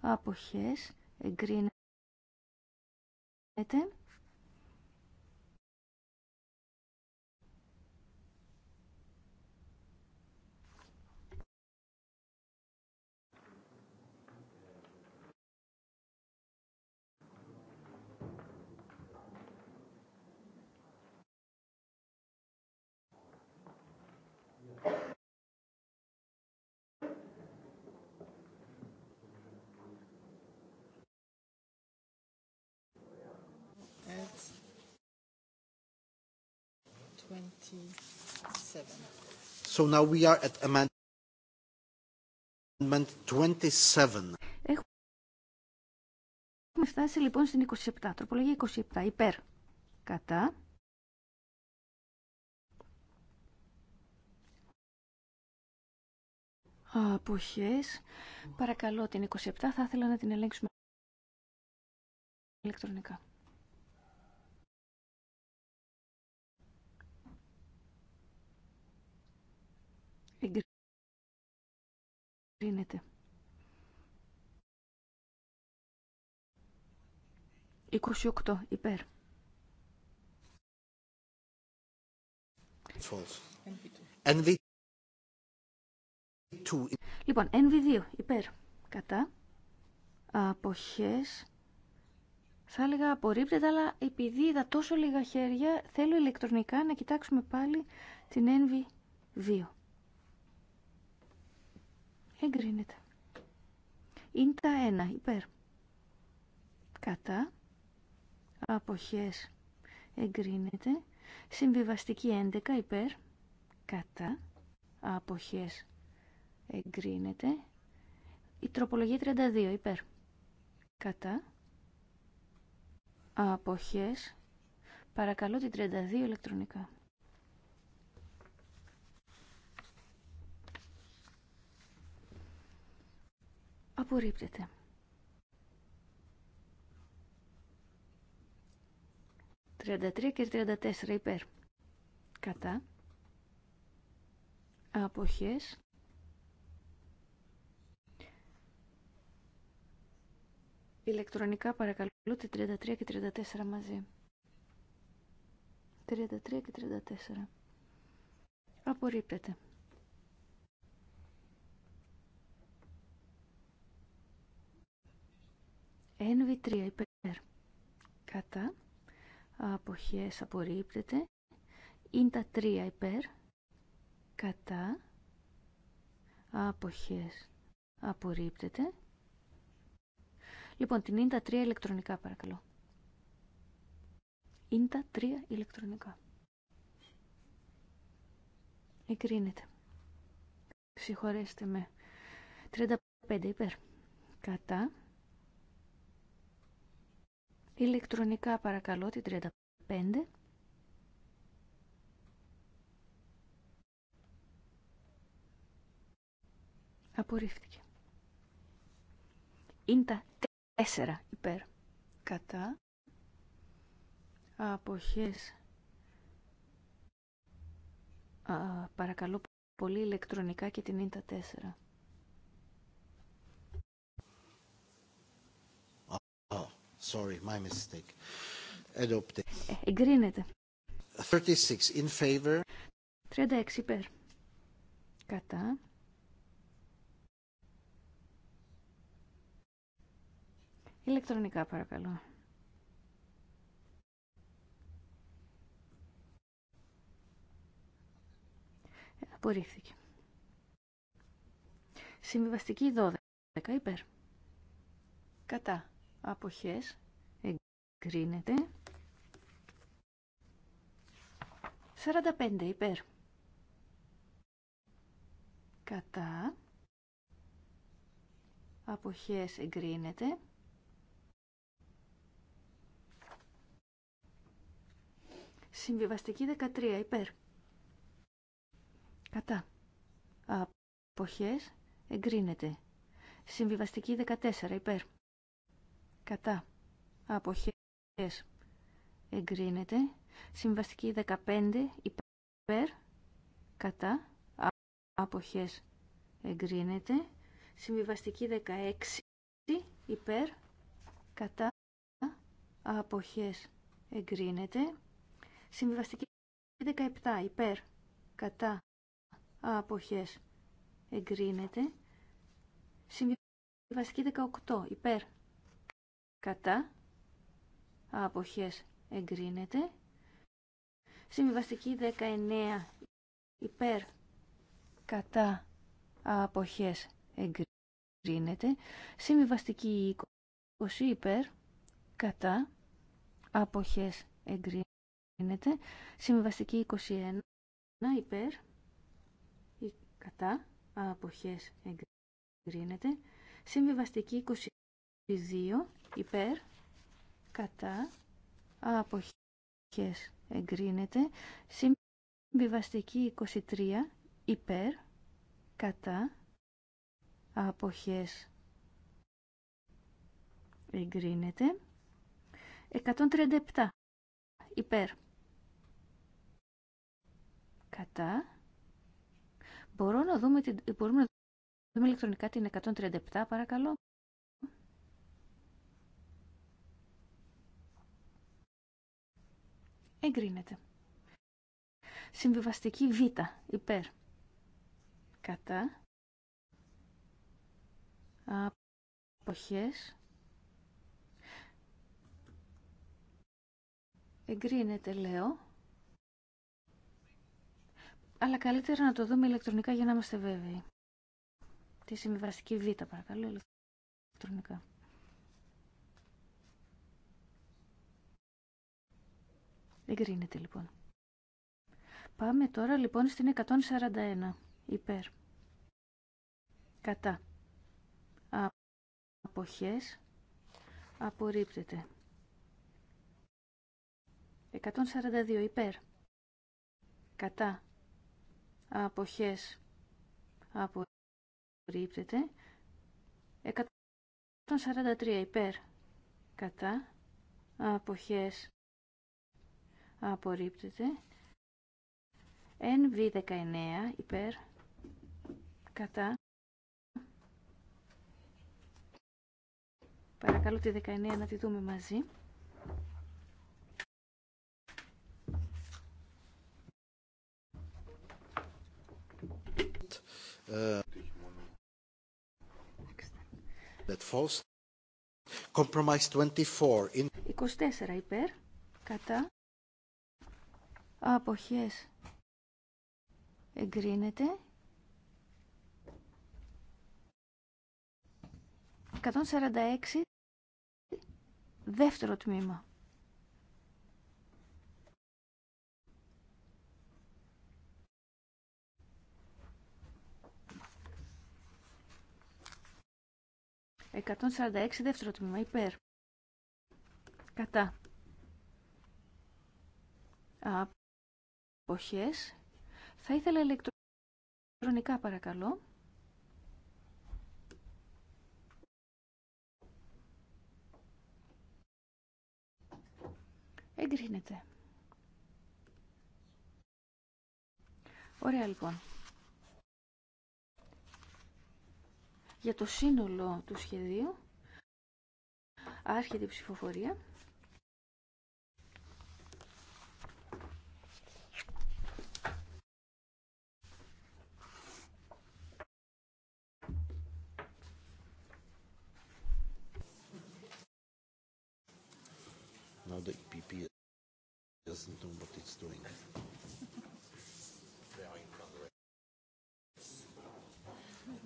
A: Αποχές. Εγκρίνεται. 27.
D: Έχουμε φτάσει λοιπόν στην 27, τροπολογία 27, υπέρ, κατά. Αποχές. Παρακαλώ την 27, θα ήθελα να την ελέγξουμε ηλεκτρονικά. Εγκρίνεται. 28 υπέρ. False. NV2. Λοιπόν, NV2 υπέρ. Κατά. Αποχές. Θα έλεγα απορρίπτεται, αλλά επειδή είδα τόσο λίγα χέρια, θέλω ηλεκτρονικά να κοιτάξουμε πάλι την NV2 εγκρίνεται. Είναι τα ένα υπέρ. Κατά. Αποχές εγκρίνεται. Συμβιβαστική 11 υπέρ. Κατά. Αποχές εγκρίνεται. Η τροπολογία 32 υπέρ. Κατά. Αποχές. Παρακαλώ την 32 ηλεκτρονικά. Απορρίπτεται. «33 και 34 υπέρ». Κατά. Αποχές. Ηλεκτρονικά παρακαλώ 33 και 34 μαζί. 33 και 34. Απορρίπτεται. NV3 υπέρ κατά αποχές απορρίπτεται ίντα 3 υπέρ κατά αποχές απορρίπτεται λοιπόν την ίντα 3 ηλεκτρονικά παρακαλώ ίντα 3 ηλεκτρονικά εγκρίνεται συγχωρέστε με 35 υπέρ κατά Ηλεκτρονικά παρακαλώ την 35. Απορρίφθηκε. Είναι τα 4 υπέρ. Κατά. Αποχές. Α, παρακαλώ πολύ ηλεκτρονικά και την τα 4. Sorry, my mistake. Εγκρίνεται. 36 in favor. 36 υπέρ. Κατά. Ηλεκτρονικά παρακαλώ. Απορρίφθηκε. Συμβιβαστική 12 υπέρ. Κατά αποχές εγκρίνεται 45 υπέρ κατά αποχές εγκρίνεται συμβιβαστική 13 υπέρ κατά αποχές εγκρίνεται συμβιβαστική 14 υπέρ κατά αποχές εγκρίνεται συμβαστική 15 υπέρ κατά αποχές εγκρίνεται συμβαστική 16 υπέρ κατά αποχές εγκρίνεται συμβιβαστική 17 υπέρ κατά αποχές εγκρίνεται συμβιβαστική 18 υπέρ κατά αποχές εγκρίνεται. Συμβιβαστική 19 υπέρ κατά αποχές εγκρίνεται. Συμβιβαστική 20 υπέρ κατά αποχές εγκρίνεται. Συμβιβαστική 21 υπέρ κατά αποχές εγκρίνεται. Συμβιβαστική 2 υπέρ κατά αποχές εγκρίνεται συμβιβαστική 23 υπέρ κατά αποχές εγκρίνεται 137 υπέρ κατά Μπορώ να δούμε, μπορούμε να δούμε ηλεκτρονικά την 137 παρακαλώ Εγκρίνεται. Συμβιβαστική Β. Υπέρ. Κατά. Αποχές. Εγκρίνεται, λέω. Αλλά καλύτερα να το δούμε ηλεκτρονικά για να είμαστε βέβαιοι. Τη συμβιβαστική Β, παρακαλώ, ηλεκτρονικά. Εγκρίνεται λοιπόν. Πάμε τώρα λοιπόν στην 141. Υπέρ. Κατά. Αποχές. Απορρίπτεται. 142. Υπέρ. Κατά. Αποχές. Απορρίπτεται. 143. Υπέρ. Κατά. Αποχές απορρίπτεται. NV19 υπέρ κατά. Παρακαλώ τη 19 να τη δούμε μαζί. Uh, that Compromise 24. In... 24 υπέρ, κατά, Αποχές. Εγκρίνεται. 146. Δεύτερο τμήμα. Εκατόν δεύτερο τμήμα υπέρ. Κατά. Θα Θα ήθελα ηλεκτρονικά παρακαλώ. Εγκρίνεται. Ωραία λοιπόν. Για το σύνολο του σχεδίου άρχεται η ψηφοφορία.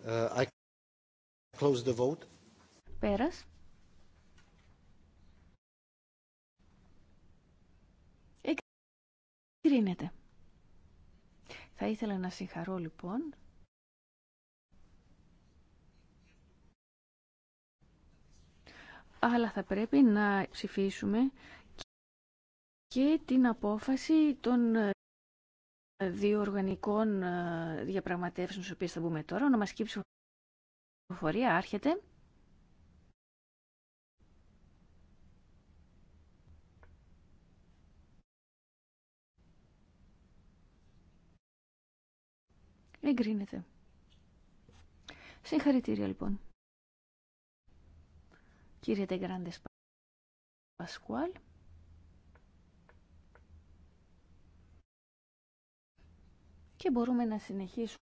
D: Uh, I Πέρας. Εκκρίνεται. Θα ήθελα να συγχαρώ λοιπόν αλλά θα πρέπει να ψηφίσουμε και την απόφαση των δύο οργανικών ε, διαπραγματεύσεων στις οποίες θα μπούμε τώρα. Ονομαστική ψηφοφορία άρχεται. Εγκρίνεται. Συγχαρητήρια λοιπόν. Κύριε Τεγκράντες Πασκουάλ. Και μπορούμε να συνεχίσουμε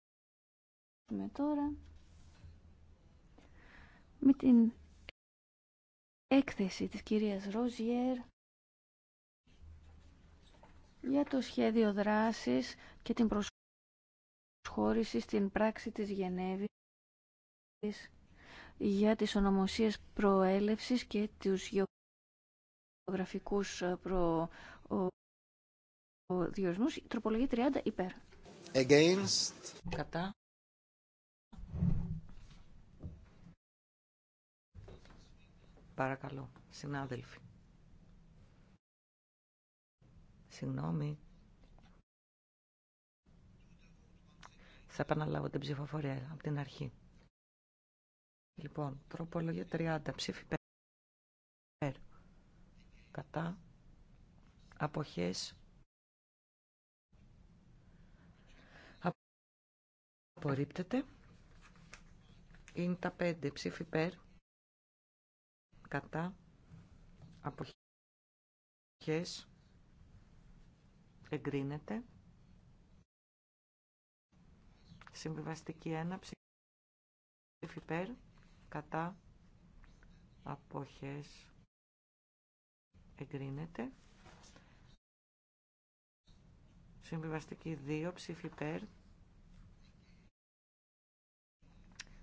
D: τώρα με την έκθεση της κυρίας Ρόζιερ για το σχέδιο δράσης και την προσχώρηση στην πράξη της Γενέβης για τις ονομοσίες προέλευσης και τους γεωγραφικούς προ... διορισμούς. Τροπολογία 30 υπέρ.
C: Against. Κατά. Παρακαλώ, συνάδελφοι. Συγγνώμη. Θα επαναλάβω την ψηφοφορία από την αρχή. Λοιπόν, τροπολογία 30. Ψήφι πέρα. Κατά. Αποχές Απορρίπτεται. Είναι τα πέντε ψήφι περ. Κατά. Αποχές. Εγκρίνεται. Συμβιβαστική ένα ψήφι περ. Κατά. Αποχές. Εγκρίνεται. Συμβιβαστική δύο ψήφι περ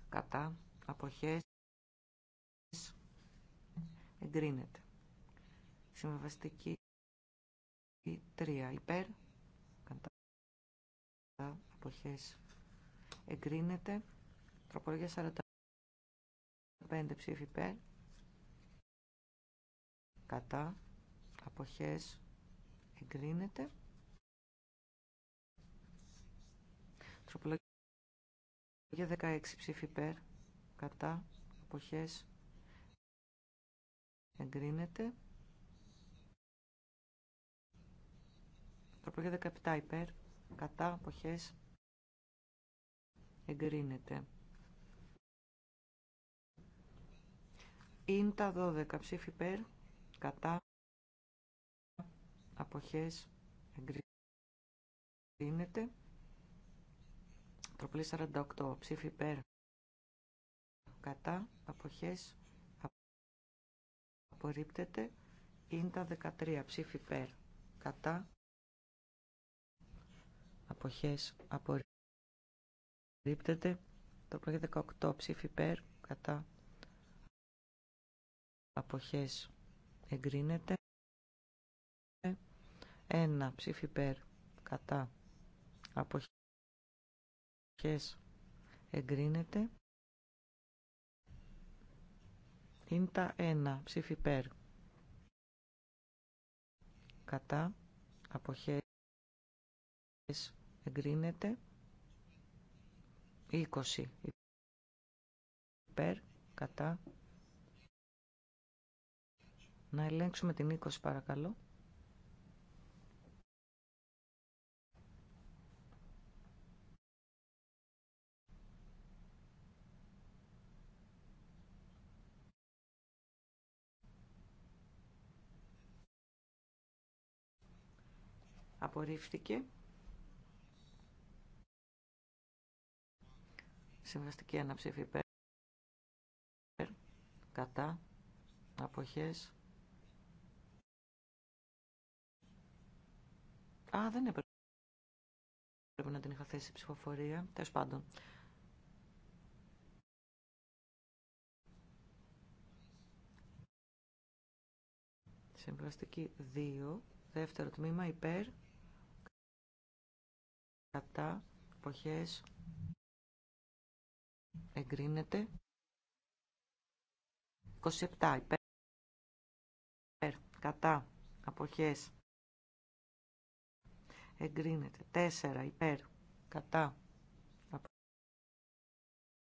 C: κατά αποχές εγκρίνεται. Συμβαστική 3 υπέρ κατά αποχές εγκρίνεται. Τροπολογία 45 ψήφι υπέρ κατά αποχές εγκρίνεται. Τροπολογία για 16 ψήφι υπέρ, κατά, αποχές, εγκρίνεται. Τροπολογία 17 υπέρ, κατά, αποχές, εγκρίνεται. Είναι τα 12 ψήφι υπέρ, κατά, αποχές, εγκρίνεται. Τροπολή 48. Ψήφι υπέρ. Κατά. Αποχές. Απορρίπτεται. τα 13. Ψήφι υπέρ. Κατά. Αποχές. Απορρίπτεται. Τροπολή 18. Ψήφι υπέρ. Κατά. Αποχές. Εγκρίνεται. 1. Ψήφι υπέρ. Κατά. Αποχές Ποιες εγκρίνεται. Είναι τα 1. Ψήφι περ. Κατά. Αποχές. Εγκρίνεται. 20. Υπέρ. Κατά. Να ελέγξουμε την 20 παρακαλώ. Απορρίφθηκε. Συμβαστική αναψήφη υπέρ. Κατά. Αποχές. Α, δεν έπρεπε. Πρέπει να την είχα θέσει ψηφοφορία. Τέλο πάντων. Συμβαστική 2. Δεύτερο τμήμα υπέρ κατά εποχές εγκρίνεται 27 υπέρ, κατά αποχές εγκρίνεται 4 υπέρ κατά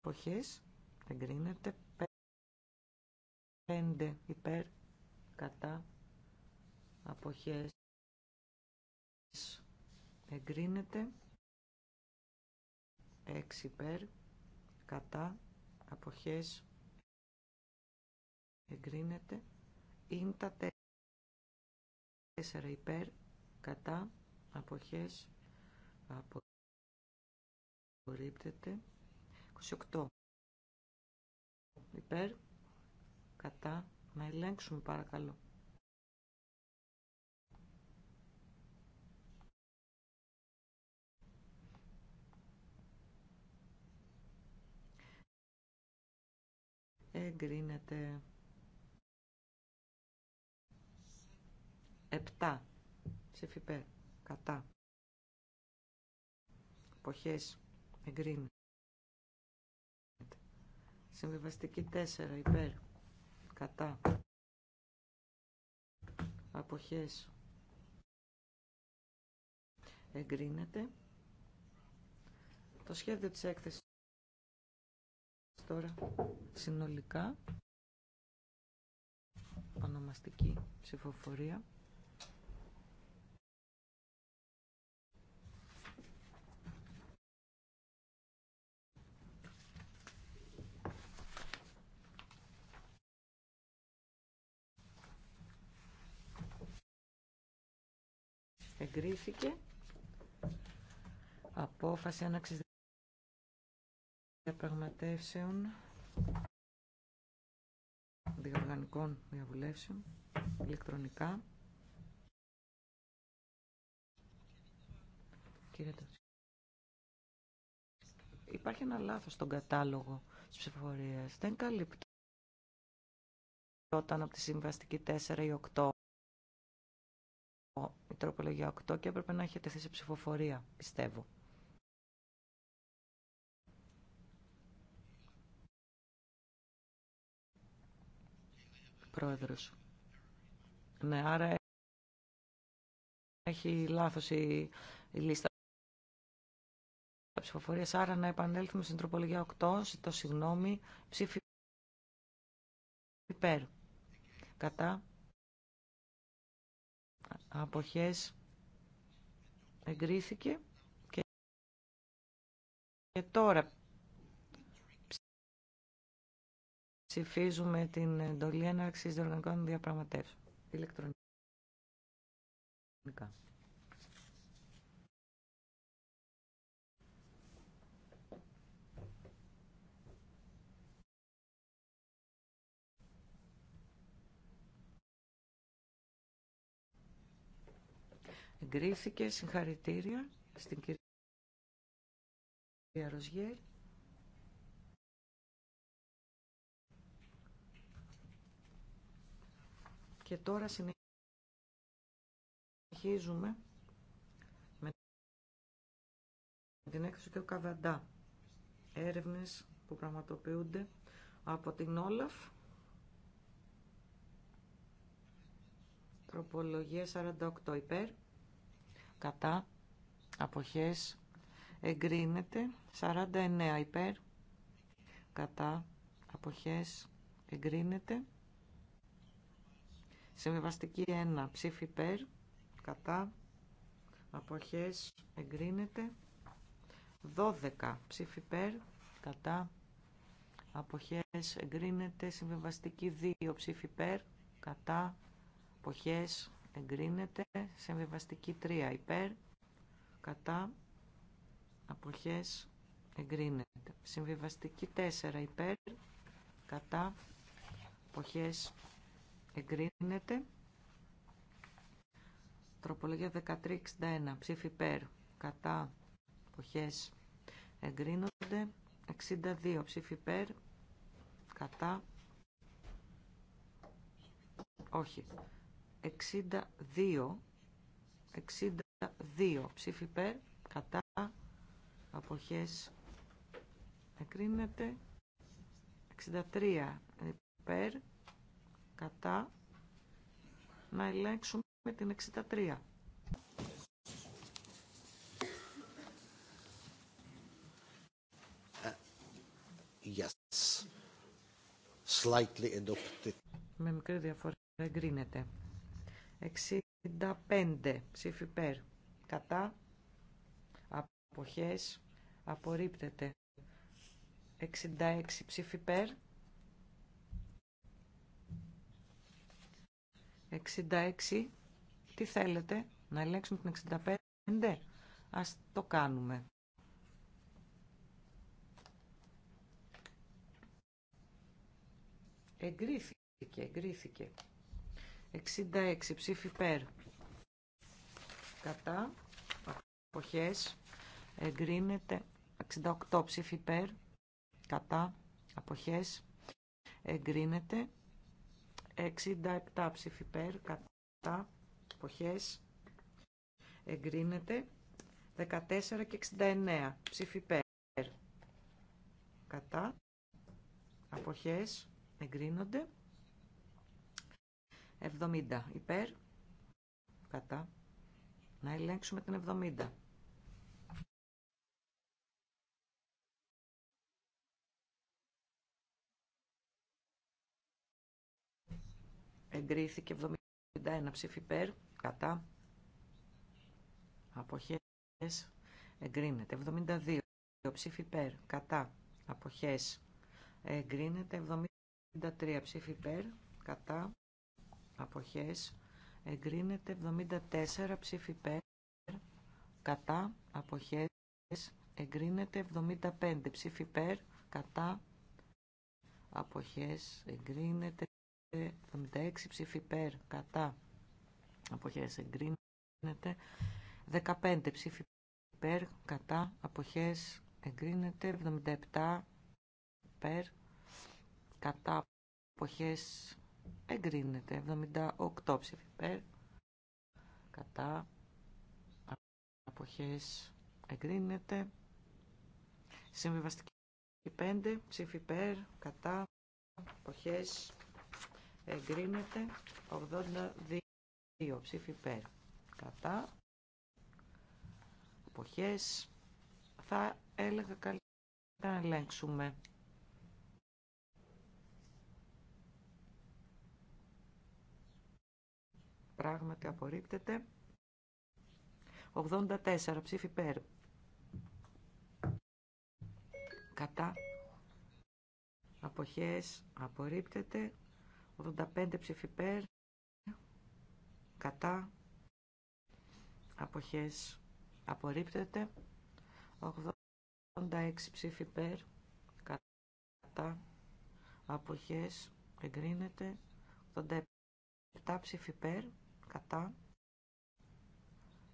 C: αποχές εγκρίνεται 5 υπέρ κατά αποχές εγκρίνεται 6 υπέρ κατά αποχές εγκρίνεται είναι τα 4 υπέρ κατά αποχές απορρίπτεται 28 υπέρ κατά να ελέγξουμε παρακαλώ εγκρίνεται 7 ψηφιπέ κατά εποχές εγκρίνεται συμβιβαστική 4 υπέρ κατά αποχές εγκρίνεται το σχέδιο της έκθεσης τώρα συνολικά ονομαστική ψηφοφορία. Εγκρίθηκε απόφαση ανάξης διαπραγματεύσεων διοργανικών διαβουλεύσεων ηλεκτρονικά. Κύριε Υπάρχει ένα λάθος στον κατάλογο τη ψηφοφορία. Δεν καλυπτώ όταν από τη συμβαστική 4 ή 8 η τροπολογία 8 και έπρεπε να έχει τεθεί σε ψηφοφορία, πιστεύω. Πρόεδρος. Ναι, άρα έχει λάθος η, η λίστα ψηφοφορίας. Άρα να επανέλθουμε στην τροπολογία 8, το συγγνώμη, ψήφι υπέρ. Κατά. Αποχές εγκρίθηκε και τώρα Ψηφίζουμε την εντολή έναρξης διοργανικών διαπραγματεύσεων. Ηλεκτρονικά. Εγκρίθηκε συγχαρητήρια στην κυρία Ροζιέλ. Και τώρα συνεχίζουμε με την έκθεση του Καβαντά. Έρευνες που πραγματοποιούνται από την Όλαφ. Τροπολογία 48 υπέρ. Κατά. Αποχές. Εγκρίνεται. 49 υπέρ. Κατά. Αποχές. Εγκρίνεται. Συμβιβαστική 1. Ψήφι υπέρ. Κατά. Αποχές. Εγκρίνεται. 12. Ψήφι υπέρ. Κατά. Αποχές. Εγκρίνεται. Συμβιβαστική 2. Ψήφι υπέρ. Κατά. Αποχές. Εγκρίνεται. Συμβιβαστική 3. Υπέρ. Κατά. Αποχές. Εγκρίνεται. Συμβιβαστική 4. Υπέρ. Κατά. Αποχές εγκρίνεται. Τροπολογία 1361, ψήφι υπέρ, κατά, εποχές, εγκρίνονται. 62, ψήφι υπέρ, κατά, όχι, 62, 62, ψήφι υπέρ, κατά, απόχέ. εγκρίνεται. 63, υπέρ, κατά να ελέγξουμε την 63. Ε, yes.
A: Slightly
C: Με μικρή διαφορά εγκρίνεται. 65 ψήφι Κατά. Αποχές. Απορρίπτεται. 66 ψήφι περ. 66. Τι θέλετε, να ελέγξουμε την 65. Ναι, ας το κάνουμε. Εγκρίθηκε, εγκρίθηκε. 66 ψήφι περ. Κατά. Αποχές. Εγκρίνεται. 68 ψήφι περ. Κατά. Αποχές. Εγκρίνεται. 67 ψηφίπερ, κατά, εποχές, εγκρίνεται. 14 και 69 ψήφι κατά, αποχές, εγκρίνονται. 70 υπέρ, κατά. Να ελέγξουμε την 70. εγκρίθηκε 71 ψήφι υπέρ, κατά, αποχές, εγκρίνεται 72 ψήφι υπέρ, κατά, αποχές, εγκρίνεται 73 ψήφι υπέρ, κατά, αποχές, εγκρίνεται 74 ψήφι υπέρ, κατά, αποχές, εγκρίνεται 75 ψήφι υπέρ, κατά, αποχές, εγκρίνεται 76 ψήφι υπέρ, κατά, αποχές εγκρίνεται. 15 ψήφι υπέρ, κατά, αποχές εγκρίνεται. 77 υπέρ, κατά, αποχές εγκρίνεται. 78 ψήφι υπέρ, κατά, αποχές εγκρίνεται. Συμβιβαστική 5 ψήφι υπέρ, κατά, αποχές εγκρίνεται 82 ψήφι ΠΕΡ κατά εποχές θα έλεγα καλύτερα να ελέγξουμε πράγματι απορρίπτεται 84 ψήφι ΠΕΡ κατά αποχές απορρίπτεται 85 ψηφιπέρ κατά αποχές απορρίπτεται 86 ψηφιπέρ κατά αποχές εγκρίνεται 87 ψηφιπέρ κατά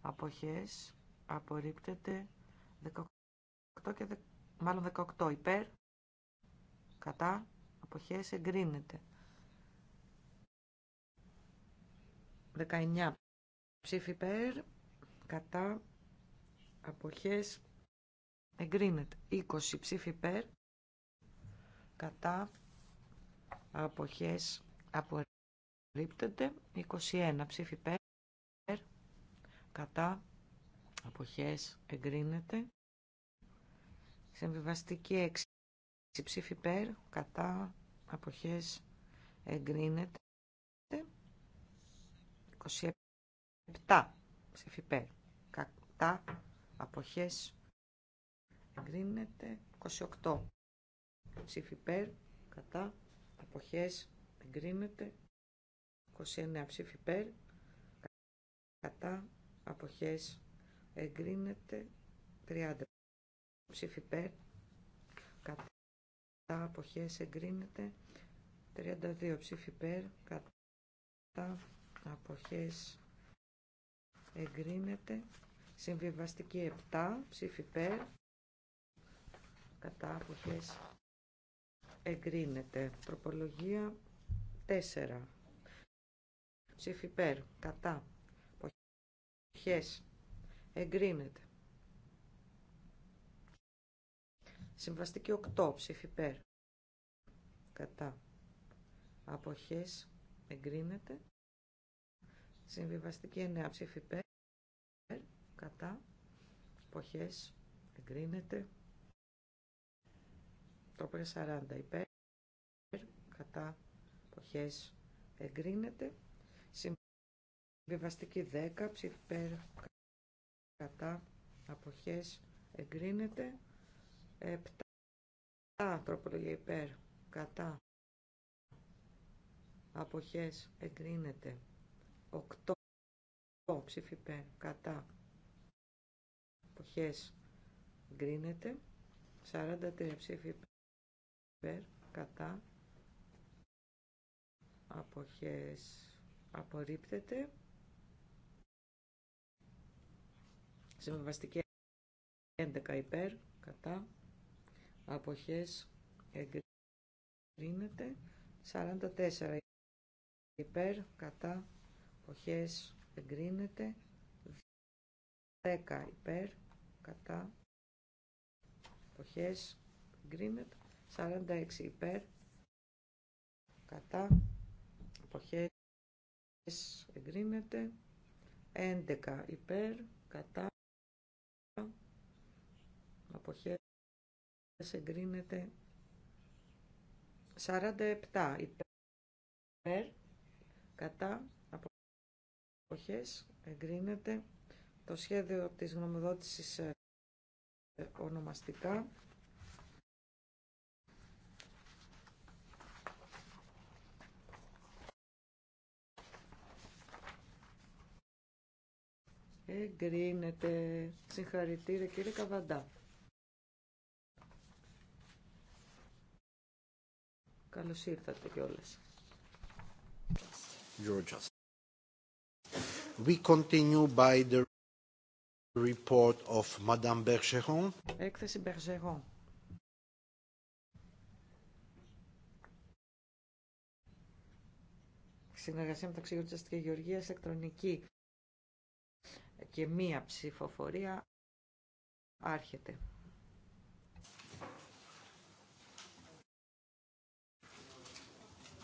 C: αποχές απορρίπτεται 18 και μάλλον 18 υπέρ κατά αποχές εγκρίνεται 19 ψήφι υπέρ, κατά, αποχές, εγκρίνεται. 20 ψήφι υπέρ, κατά, αποχές, απορρίπτεται. 21 ψήφι υπέρ, κατά, αποχές, εγκρίνεται. Συμβιβαστική 6 ψήφι υπέρ, κατά, αποχές, εγκρίνεται. 27 ψηφιπέρ Κατά αποχές εγκρίνεται 28 ψηφιπέρ Κατά αποχές εγκρίνεται 29 ψηφιπέρ Κατά αποχές εγκρίνεται 30 ψηφιπέρ Κατά αποχές εγκρίνεται 32 ψήφι Κατά αποχές εγκρίνεται συμβιβαστική 7 ψήφι περ. κατά αποχές εγκρίνεται τροπολογία 4 ψήφι περ, κατά αποχές εγκρίνεται συμβαστική 8 ψήφι περ. κατά αποχές εγκρίνεται Συμβιβαστική 9 ψήφι υπέρ, κατά, εποχές, εγκρίνεται. Τροπέ 40 υπέρ, κατά, εποχές, εγκρίνεται. Συμβιβαστική 10 ψήφι υπέρ, κατά, αποχές, εγκρίνεται. 7 τροπολογία υπέρ, κατά, αποχές, εγκρίνεται. 8 ψήφι υπέρ κατά αποχές γκρίνεται 43 ψήφι υπέρ κατά αποχές απορρίπτεται συμβαστική 11 υπέρ κατά αποχές εγκρίνεται 44 υπέρ κατά εποχές εγκρίνεται 10 υπέρ κατά εποχές εγκρίνεται 46 υπέρ κατά εποχές εγκρίνεται 11 υπέρ κατά Εποχές εγκρίνεται 47 υπέρ κατά εποχές εγκρίνεται το σχέδιο της γνωμοδότησης ε, ονομαστικά. Εγκρίνεται. Συγχαρητήρια κύριε Καβαντά. Καλώς
B: ήρθατε κιόλας. We continue by the report of Madame Bergeron.
C: Έκθεση Bergeron. Συνεργασία μεταξύ Γιώργης και Γεωργίας, ηλεκτρονική και μία ψηφοφορία άρχεται.